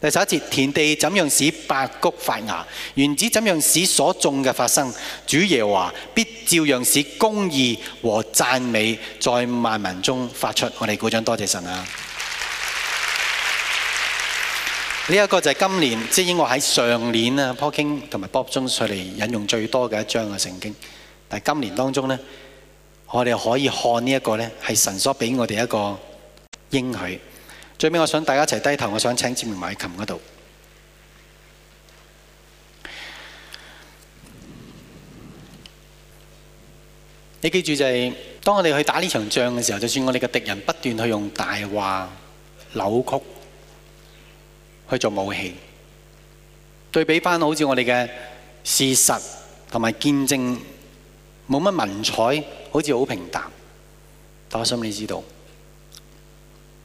第十一節，田地怎樣使百谷發芽，園子怎樣使所種嘅發生？主耶華必照樣使公義和讚美在萬民中發出。我哋鼓掌，多謝神啊！呢、這、一個就係今年，即係我喺上年啊 Paul King 同埋 Bob Jones，嚟引用最多嘅一章嘅聖經。但係今年當中呢，我哋可以看呢一個呢，係神所俾我哋一個應許。最尾我想大家一齊低頭，我想請志明麥琴嗰度。你記住就係、是，當我哋去打呢場仗嘅時候，就算我哋嘅敵人不斷去用大話扭曲。去做武器，對比翻好似我哋嘅事實同埋見證，冇乜文采，好似好平淡。但我心裏知道，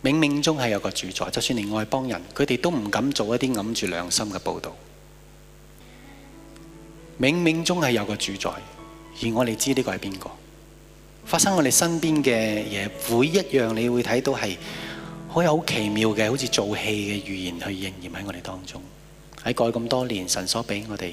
冥冥中係有個主宰。就算連外邦人，佢哋都唔敢做一啲揞住良心嘅報導。冥冥中係有個主宰，而我哋知呢個係邊個？發生我哋身邊嘅嘢，每一樣你會睇到係。好有好奇妙嘅，好似做戲嘅語言去應驗喺我哋當中。喺過去咁多年，神所俾我哋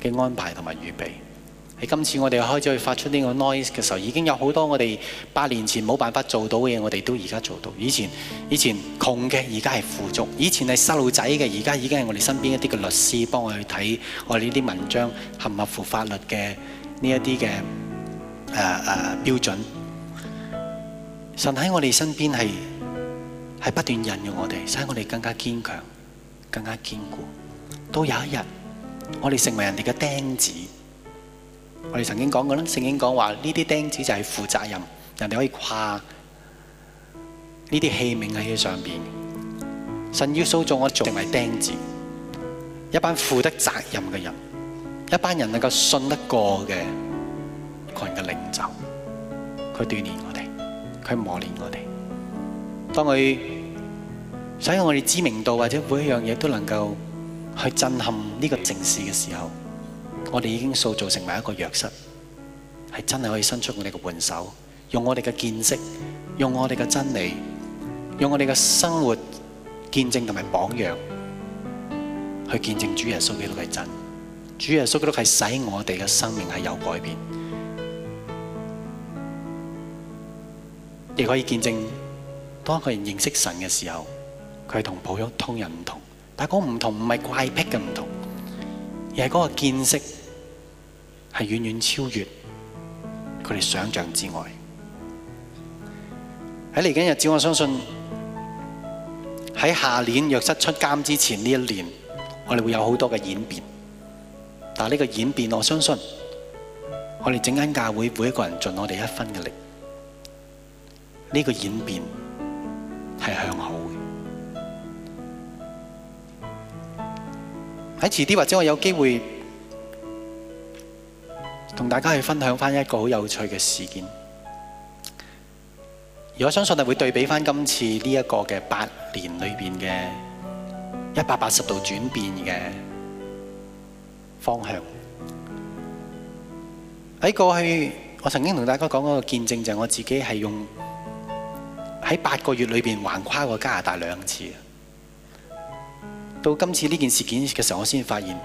嘅安排同埋預備，喺今次我哋開始去發出呢個 noise 嘅時候，已經有好多我哋八年前冇辦法做到嘅嘢，我哋都而家做到。以前以前窮嘅，而家係富足；以前係細路仔嘅，而家已經係我哋身邊一啲嘅律師幫我去睇我哋呢啲文章合唔合乎法律嘅呢一啲嘅呃呃標準。神喺我哋身邊係係不斷引用我哋，使我哋更加堅強、更加堅固。到有一日，我哋成為人哋嘅釘子。我哋曾經講過啦，聖經講話呢啲釘子就係負責任，人哋可以掛呢啲器皿喺佢上邊。神要塑造我做成為釘子，一班負得責任嘅人，一班人能夠信得過嘅群嘅領袖，佢鍛煉我。佢磨練我哋，當佢使用我哋知名度或者每一樣嘢都能夠去震撼呢個城市嘅時候，我哋已經塑造成為一個弱勢，係真係可以伸出我哋嘅援手，用我哋嘅見識，用我哋嘅真理，用我哋嘅生活見證同埋榜樣，去見證主耶穌基督係真，主耶穌基督係使我哋嘅生命係有改變。亦可以見證，當一個人認識神嘅時候，佢係同普通通人唔同。但係嗰唔同唔係怪癖嘅唔同，而係嗰個見識係遠遠超越佢哋想象之外。喺嚟緊日子，我相信喺下年若失出監之前呢一年，我哋會有好多嘅演變。但係呢個演變，我相信我哋整間教會，每一個人盡我哋一分嘅力。呢、這個演變係向好嘅。喺遲啲或者我有機會同大家去分享翻一個好有趣嘅事件。而我相信我會對比翻今次呢一個嘅八年裏邊嘅一百八十度轉變嘅方向。喺過去我曾經同大家講嗰個見證就係我自己係用，喺八個月裏邊橫跨過加拿大兩次，到今次呢件事件嘅時候，我先發現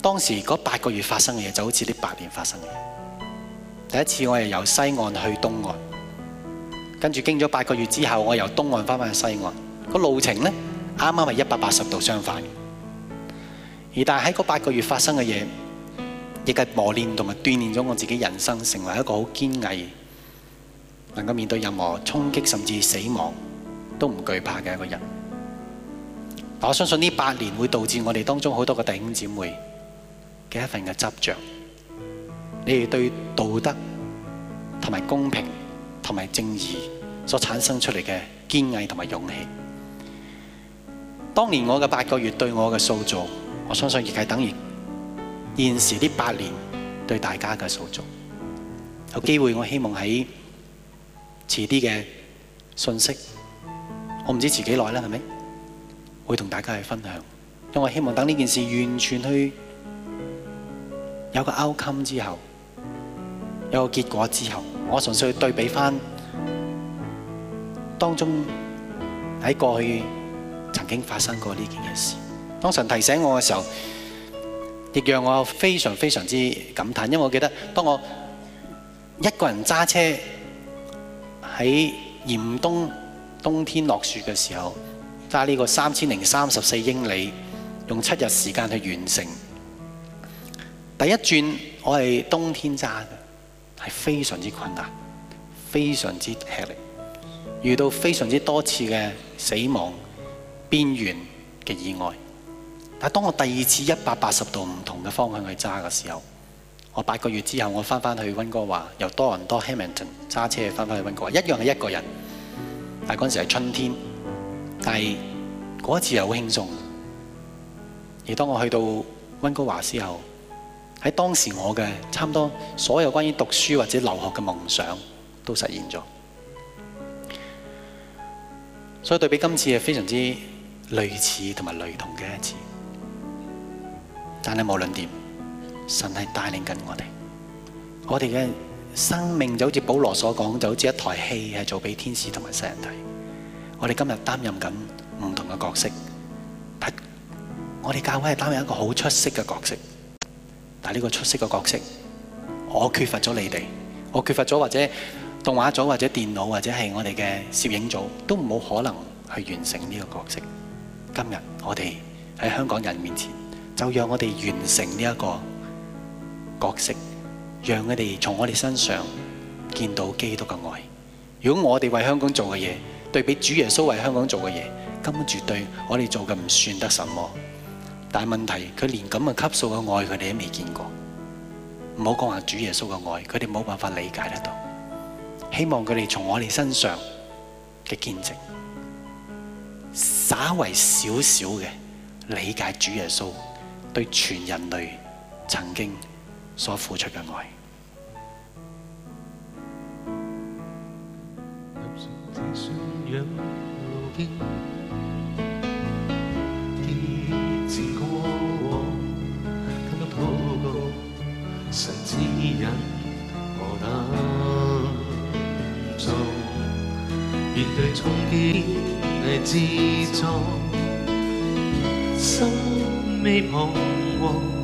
當時嗰八個月發生嘅嘢，就好似呢八年發生嘅嘢。第一次我係由西岸去東岸，跟住經咗八個月之後，我由東岸翻返去西岸，個路程咧啱啱係一百八十度相反。而但係喺嗰八個月發生嘅嘢，亦係磨練同埋鍛鍊咗我自己人生，成為一個好堅毅。能夠面對任何衝擊甚至死亡都唔懼怕嘅一個人，我相信呢八年會導致我哋當中好多嘅弟兄姊妹嘅一份嘅執着，你哋對道德同埋公平同埋正義所產生出嚟嘅堅毅同埋勇氣，當年我嘅八個月對我嘅塑造，我相信亦係等於現時呢八年對大家嘅塑造。有機會我希望喺。遲啲嘅信息，我唔知遲幾耐啦，係咪？會同大家去分享，因為我希望等呢件事完全去有個 outcome 之後，有個結果之後，我純粹去對比翻當中喺過去曾經發生過呢件嘅事。當神提醒我嘅時候，亦讓我非常非常之感嘆，因為我記得當我一個人揸車。喺嚴冬冬天落雪嘅時候揸呢個三千零三十四英里，用七日時間去完成。第一轉我係冬天揸嘅，係非常之困難，非常之吃力，遇到非常之多次嘅死亡邊緣嘅意外。但係當我第二次一百八十度唔同嘅方向去揸嘅時候，我八個月之後，我翻翻去溫哥華，由多倫多 Hamilton 揸車翻翻去溫哥華，一樣係一個人。但嗰陣時係春天，但係嗰一次又好輕鬆。而當我去到溫哥華之後，喺當時我嘅差唔多所有關於讀書或者留學嘅夢想都實現咗。所以對比今次係非常之類似同埋雷同嘅一次，但係無論點，神係帶領緊我哋，我哋嘅生命就好似保羅所講，就好似一台戲係做俾天使同埋世人睇。我哋今日擔任緊唔同嘅角色，我哋教會係擔任一個好出色嘅角色。但係呢個出色嘅角色，我缺乏咗你哋，我缺乏咗或者動畫組或者電腦或者係我哋嘅攝影組，都冇可能去完成呢個角色。今日我哋喺香港人面前，就讓我哋完成呢一個。角色，讓佢哋從我哋身上見到基督嘅愛。如果我哋為香港做嘅嘢，對比主耶穌為香港做嘅嘢，根本絕對我哋做嘅唔算得什麼。但係問題，佢連咁嘅級數嘅愛，佢哋都未見過。唔好講話主耶穌嘅愛，佢哋冇辦法理解得到。希望佢哋從我哋身上嘅見證，稍為少少嘅理解主耶穌對全人類曾經。所付出嘅愛。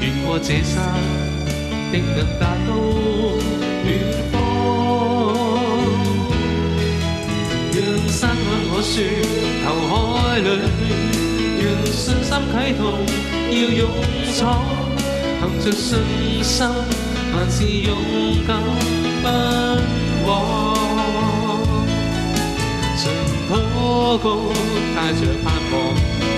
越過這山，定能達到遠方。讓山向我說，投海裏，讓信心啟動，要勇闖。憑着信心，還是勇敢奔往。長坡路，帶着盼望。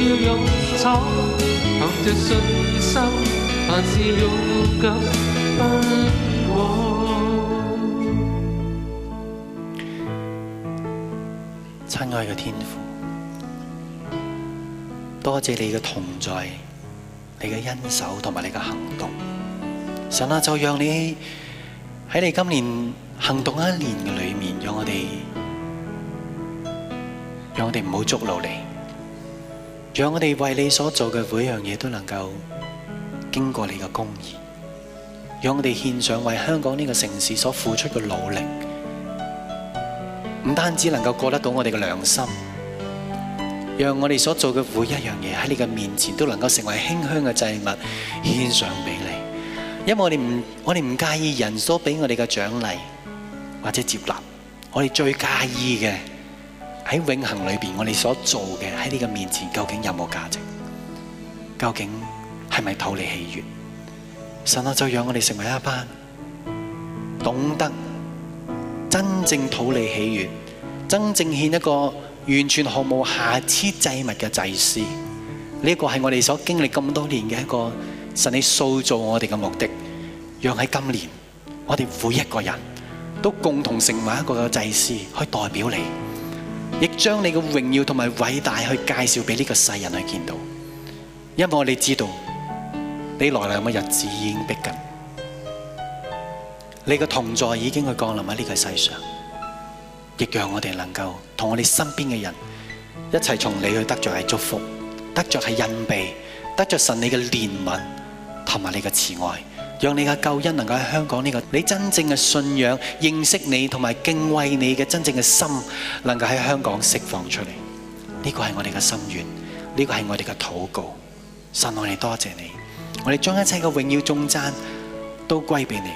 親愛的天父，多謝你嘅同在，你嘅恩手同埋你嘅行動，神啊，就讓你喺你今年行動一年嘅裏面，讓我哋，讓我哋唔好捉牢你。讓我哋為你所做嘅每一樣嘢都能夠經過你嘅公義，讓我哋獻上為香港呢個城市所付出嘅努力，唔單止能夠過得到我哋嘅良心，讓我哋所做嘅每一樣嘢喺你嘅面前都能夠成為馨香嘅祭物，獻上俾你。因為我哋唔，我哋唔介意人所俾我哋嘅獎勵或者接納，我哋最介意嘅，喺永恒裏邊，我哋所做嘅喺你嘅面前究竟有冇價值？究竟係咪討你喜悦？神啊，就讓我哋成為一班懂得真正討你喜悦、真正獻一個完全毫無瑕疵祭物嘅祭司。呢個係我哋所經歷咁多年嘅一個神，你塑造我哋嘅目的，讓喺今年我哋每一個人都共同成為一個祭司，去代表你。亦將你嘅榮耀同埋偉大去介紹俾呢個世人去見到，因為我哋知道你來嚟咁嘅日子已經逼近，你嘅同在已經去降臨喺呢個世上，亦讓我哋能夠同我哋身邊嘅人一齊從你去得着係祝福，得着係恩庇，得着神你嘅憐憫同埋你嘅慈愛。.讓你嘅救恩能夠喺香港呢個，你真正嘅信仰，認識你，同埋敬畏你嘅真正嘅心，能夠喺香港釋放出嚟。呢個係我哋嘅心願，呢個係我哋嘅禱告，神，我哋多謝你。我哋將一切嘅榮耀頌讚，都歸畀你。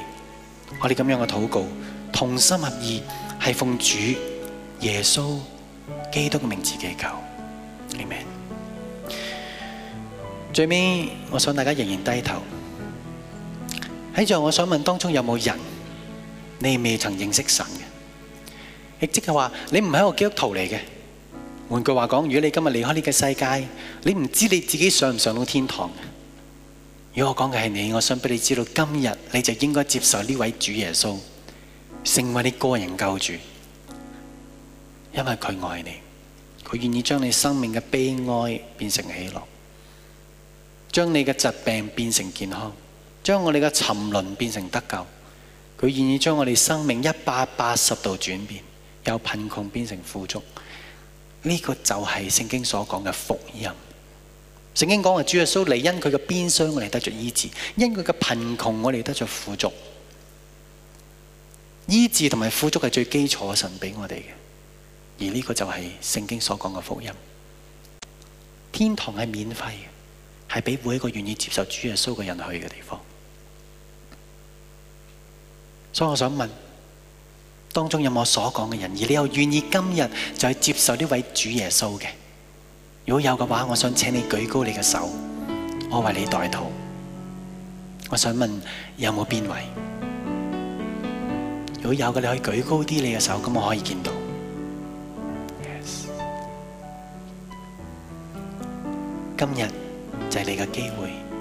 我哋咁樣嘅禱告，同心合意，是奉主耶穌基督嘅名字祈求。阿門。最尾，我想大家仍然低頭。喺裏我想問當中，有冇人你未曾認識神嘅？亦即係話，你唔係個基督徒嚟嘅。換句話講，如果你今日離開呢個世界，你唔知你自己上唔上到天堂。如果我講嘅係你，我想畀你知道，今日你就應該接受呢位主耶穌，成為你個人救主，因為佢愛你，佢願意將你生命嘅悲哀變成喜樂，將你嘅疾病變成健康。將我哋嘅沉淪變成得救，佢願意將我哋生命一百八十度轉變，由貧窮變成富足。呢個就係聖經所講嘅福音。聖經講話主耶穌嚟，因佢嘅鞭傷我哋得咗醫治，因佢嘅貧窮我哋得咗富足。醫治同埋富足係最基礎嘅，神俾我哋嘅。而呢個就係聖經所講嘅福音。天堂係免費嘅，係俾每一個願意接受主耶穌嘅人去嘅地方。所以我想問，當中有冇我所講嘅人，而你又願意今日就去接受呢位主耶穌嘅？如果有嘅話，我想請你舉高你嘅手，我為你代禱。我想問有冇邊位？如果有嘅，你可以舉高啲你嘅手，咁我可以見到。Yes. 今日就係你嘅機會。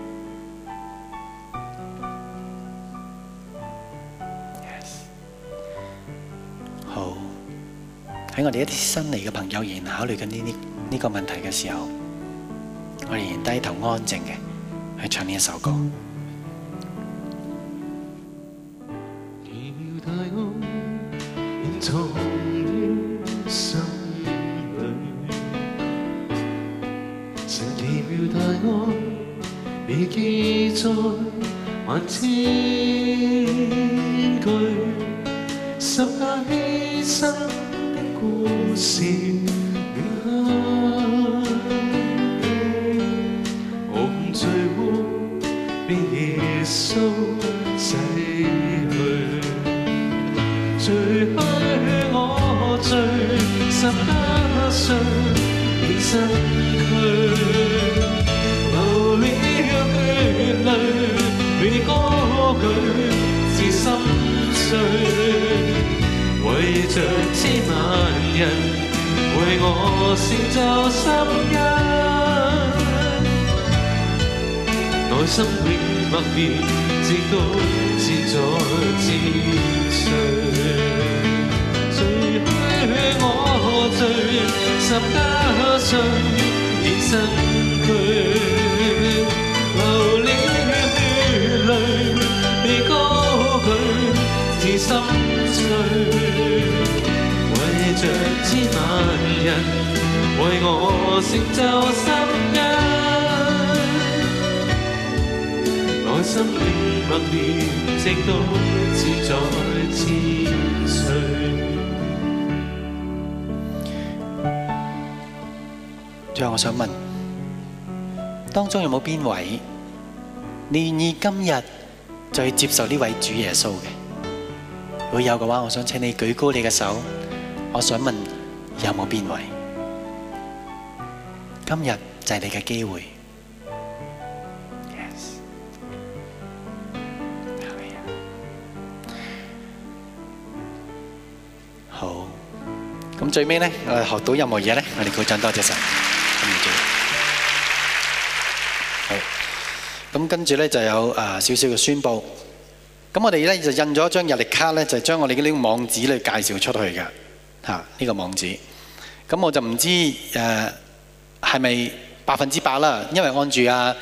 喺我哋一啲新嚟嘅朋友仍然考慮緊呢啲呢個問題嘅時候，我仍然低頭安靜嘅去唱呢一首歌。我想問，當中有冇邊位你願意今日再接受呢位主耶穌嘅？如果有嘅話，我想請你舉高你嘅手。我想問，有冇邊位今日就係你嘅機會？Yes。好。咁最尾呢，我哋學到任何嘢呢，我哋鼓掌多謝晒。跟住呢就有誒少少嘅宣布，咁我哋呢就印咗張日曆卡呢，就將、是、我哋嘅呢個網址呢介紹出去嘅，嚇、這、呢個網址。咁我就唔知誒係咪百分之百啦，因為按住阿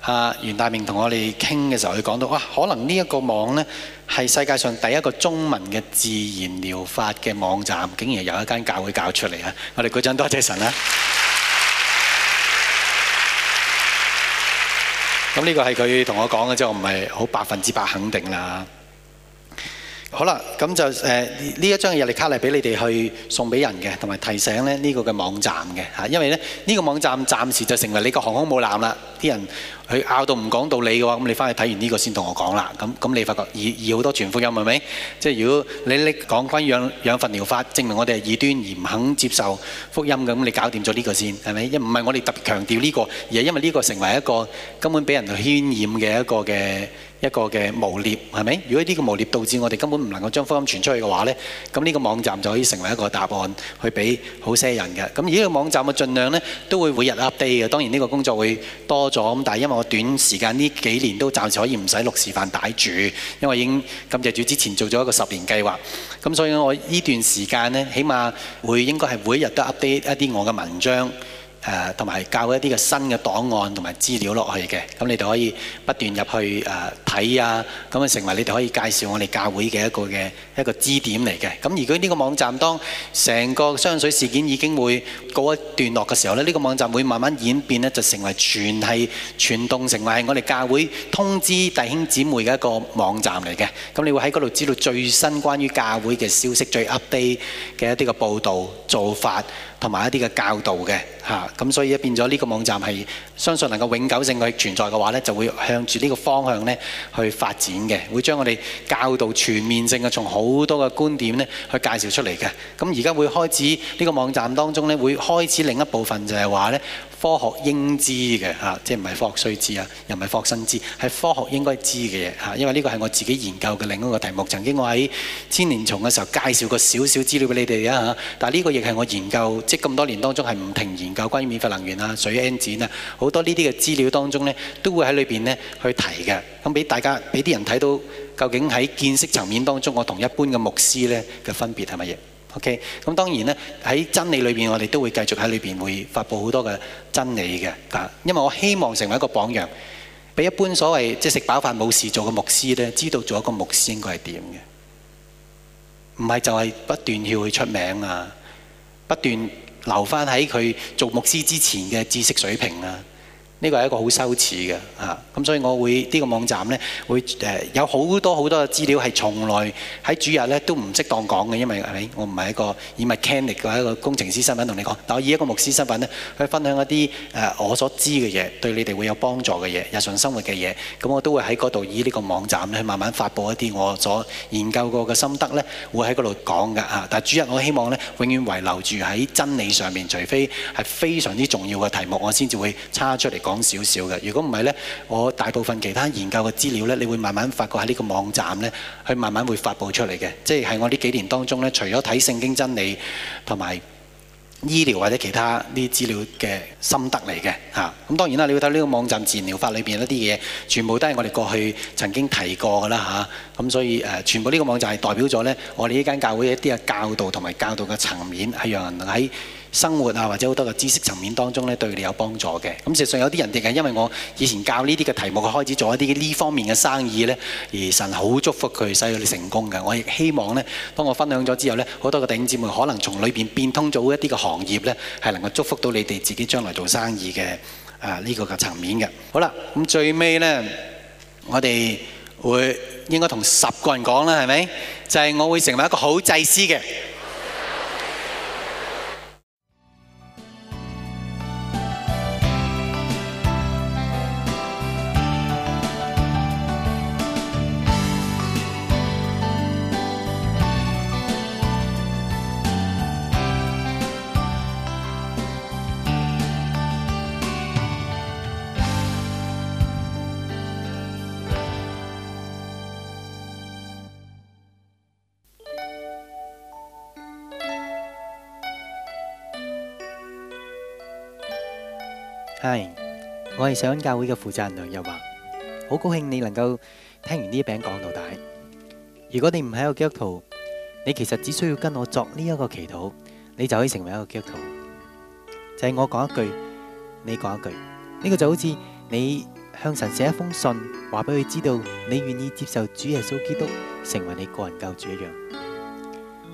阿袁大明同我哋傾嘅時候，佢講到哇，可能呢一個網呢，係世界上第一個中文嘅自然療法嘅網站，竟然有一間教會搞出嚟啊！我哋鼓掌多謝神啦！咁呢個係佢同我講嘅啫，我唔係好百分之百肯定啦。好啦，咁就誒呢、呃、一張日曆卡嚟俾你哋去送俾人嘅，同埋提醒咧呢、呢個嘅網站嘅嚇，因為咧呢、呢個網站暫時就成為你個航空母艦啦。啲人佢拗到唔講道理嘅話，咁你翻去睇完呢個先同我講啦。咁咁你發覺以以好多全福音係咪？即係如果你你講翻養養分療法，證明我哋係異端而唔肯接受福音嘅，咁你搞掂咗呢個先係咪？因唔係我哋特別強調呢、呢個，而係因為呢個成為一個根本俾人嚟渲染嘅一個嘅。一個嘅誣衊係咪？如果呢個誣衊導致我哋根本唔能夠將福音傳出去嘅話咧，咁呢個網站就可以成為一個答案，去俾好些人嘅。咁而呢個網站嘅盡量呢，都會每日 update 嘅。當然呢個工作會多咗，咁但係因為我短時間呢幾年都暫時可以唔使六時飯帶住，因為已經感謝主之前做咗一個十年計劃，咁所以我呢段時間呢，起碼會應該係每日都 update 一啲我嘅文章。誒同埋教一啲嘅新嘅檔案同埋資料落去嘅，咁你哋可以不斷入去誒睇啊，咁啊成為你哋可以介紹我哋教會嘅一個嘅一個支點嚟嘅。咁而嗰呢個網站當成個雙水事件已經會告一段落嘅時候咧，呢個網站會慢慢演變呢，就成為全係全動成為我哋教會通知弟兄姊妹嘅一個網站嚟嘅。咁你會喺嗰度知道最新關於教會嘅消息、最 update 嘅一啲嘅報導做法同埋一啲嘅教導嘅嚇。咁所以變咗呢個網站係相信能夠永久性嘅存在嘅話，咧，就會向住呢個方向咧去發展嘅，會將我哋教導全面性嘅，從好多嘅觀點咧去介紹出嚟嘅。咁而家會開始呢個網站當中咧會開始另一部分就係話咧。科學應知嘅嚇，即係唔係科學須知啊，又唔係科學新知，係科學應該知嘅嘢嚇。因為呢個係我自己研究嘅另一個題目。曾經我喺千年蟲嘅時候介紹過少少資料俾你哋啊嚇。但係呢個亦係我研究即係咁多年當中係唔停研究關於免費能源啊、水引擎啊好多呢啲嘅資料當中咧，都會喺裏邊咧去提嘅。咁俾大家俾啲人睇到究竟喺見識層面當中，我同一般嘅牧師咧嘅分別係乜嘢？OK，咁當然呢，喺真理裏面，我哋都會繼續喺裏面會發佈好多嘅真理嘅，因為我希望成為一個榜樣，俾一般所謂即係食飽飯冇事做嘅牧師呢，知道做一個牧師應該係點嘅，唔係就係不斷要佢出名啊，不斷留返喺佢做牧師之前嘅知識水平啊。呢個係一個好羞恥嘅嚇，咁所以我會呢個網站咧會誒有好多好多嘅資料係從來喺主日咧都唔適當講嘅，因為係我唔係一個以 mechanic 嘅一個工程師身份同你講，但我以一個牧師身份咧去分享一啲誒我所知嘅嘢、對你哋會有幫助嘅嘢、日常生活嘅嘢，咁我都會喺嗰度以呢個網站咧慢慢發佈一啲我所研究過嘅心得咧，會喺嗰度講㗎嚇。但係主日我希望咧永遠遺留住喺真理上面，除非係非常之重要嘅題目，我先至會叉出嚟講。講少少嘅，如果唔係呢，我大部分其他研究嘅資料呢，你會慢慢發覺喺呢個網站呢，佢慢慢會發布出嚟嘅。即係我呢幾年當中呢，除咗睇聖經真理同埋醫療或者其他啲資料嘅心得嚟嘅嚇。咁、啊、當然啦，你會睇呢個網站治療法裏邊一啲嘢，全部都係我哋過去曾經提過噶啦嚇。咁、啊、所以誒、呃，全部呢個網站係代表咗呢，我哋呢間教會一啲嘅教導同埋教導嘅層面係讓人喺生活啊，或者好多嘅知識層面當中呢，對你有幫助嘅。咁實際上有啲人哋係因為我以前教呢啲嘅題目，佢開始做一啲呢方面嘅生意咧，而神好祝福佢，使到你成功嘅。我亦希望呢，當我分享咗之後呢，好多個弟兄姊妹可能從裏邊變通咗一啲嘅行業呢，係能夠祝福到你哋自己將來做生意嘅呢、啊這個嘅層面嘅。好啦，咁最尾呢，我哋會應該同十個人講啦，係咪？就係、是、我會成為一個好祭司嘅。我係上溫教會嘅負責人梁日華，好高興你能夠聽完呢一餅講到大。如果你唔喺一個基督徒，你其實只需要跟我作呢一個祈禱，你就可以成為一個基督徒。就係、是、我講一句，你講一句，呢、這個就好似你向神寫一封信，話俾佢知道你願意接受主耶穌基督成為你個人救主一樣。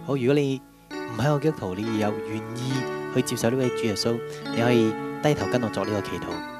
好，如果你唔喺一個基督徒，你有願意去接受呢位主耶穌，你可以低頭跟我作呢個祈禱。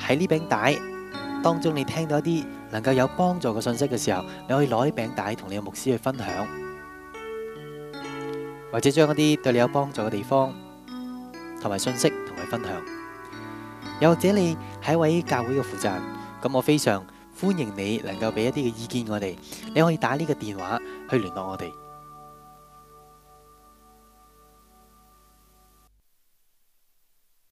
喺呢餅帶當中，你聽到一啲能夠有幫助嘅信息嘅時候，你可以攞起餅帶同你嘅牧師去分享，或者將一啲對你有幫助嘅地方同埋信息同佢分享。又或者你係一位教會嘅負責人，咁我非常歡迎你能夠俾一啲嘅意見我哋。你可以打呢個電話去聯絡我哋。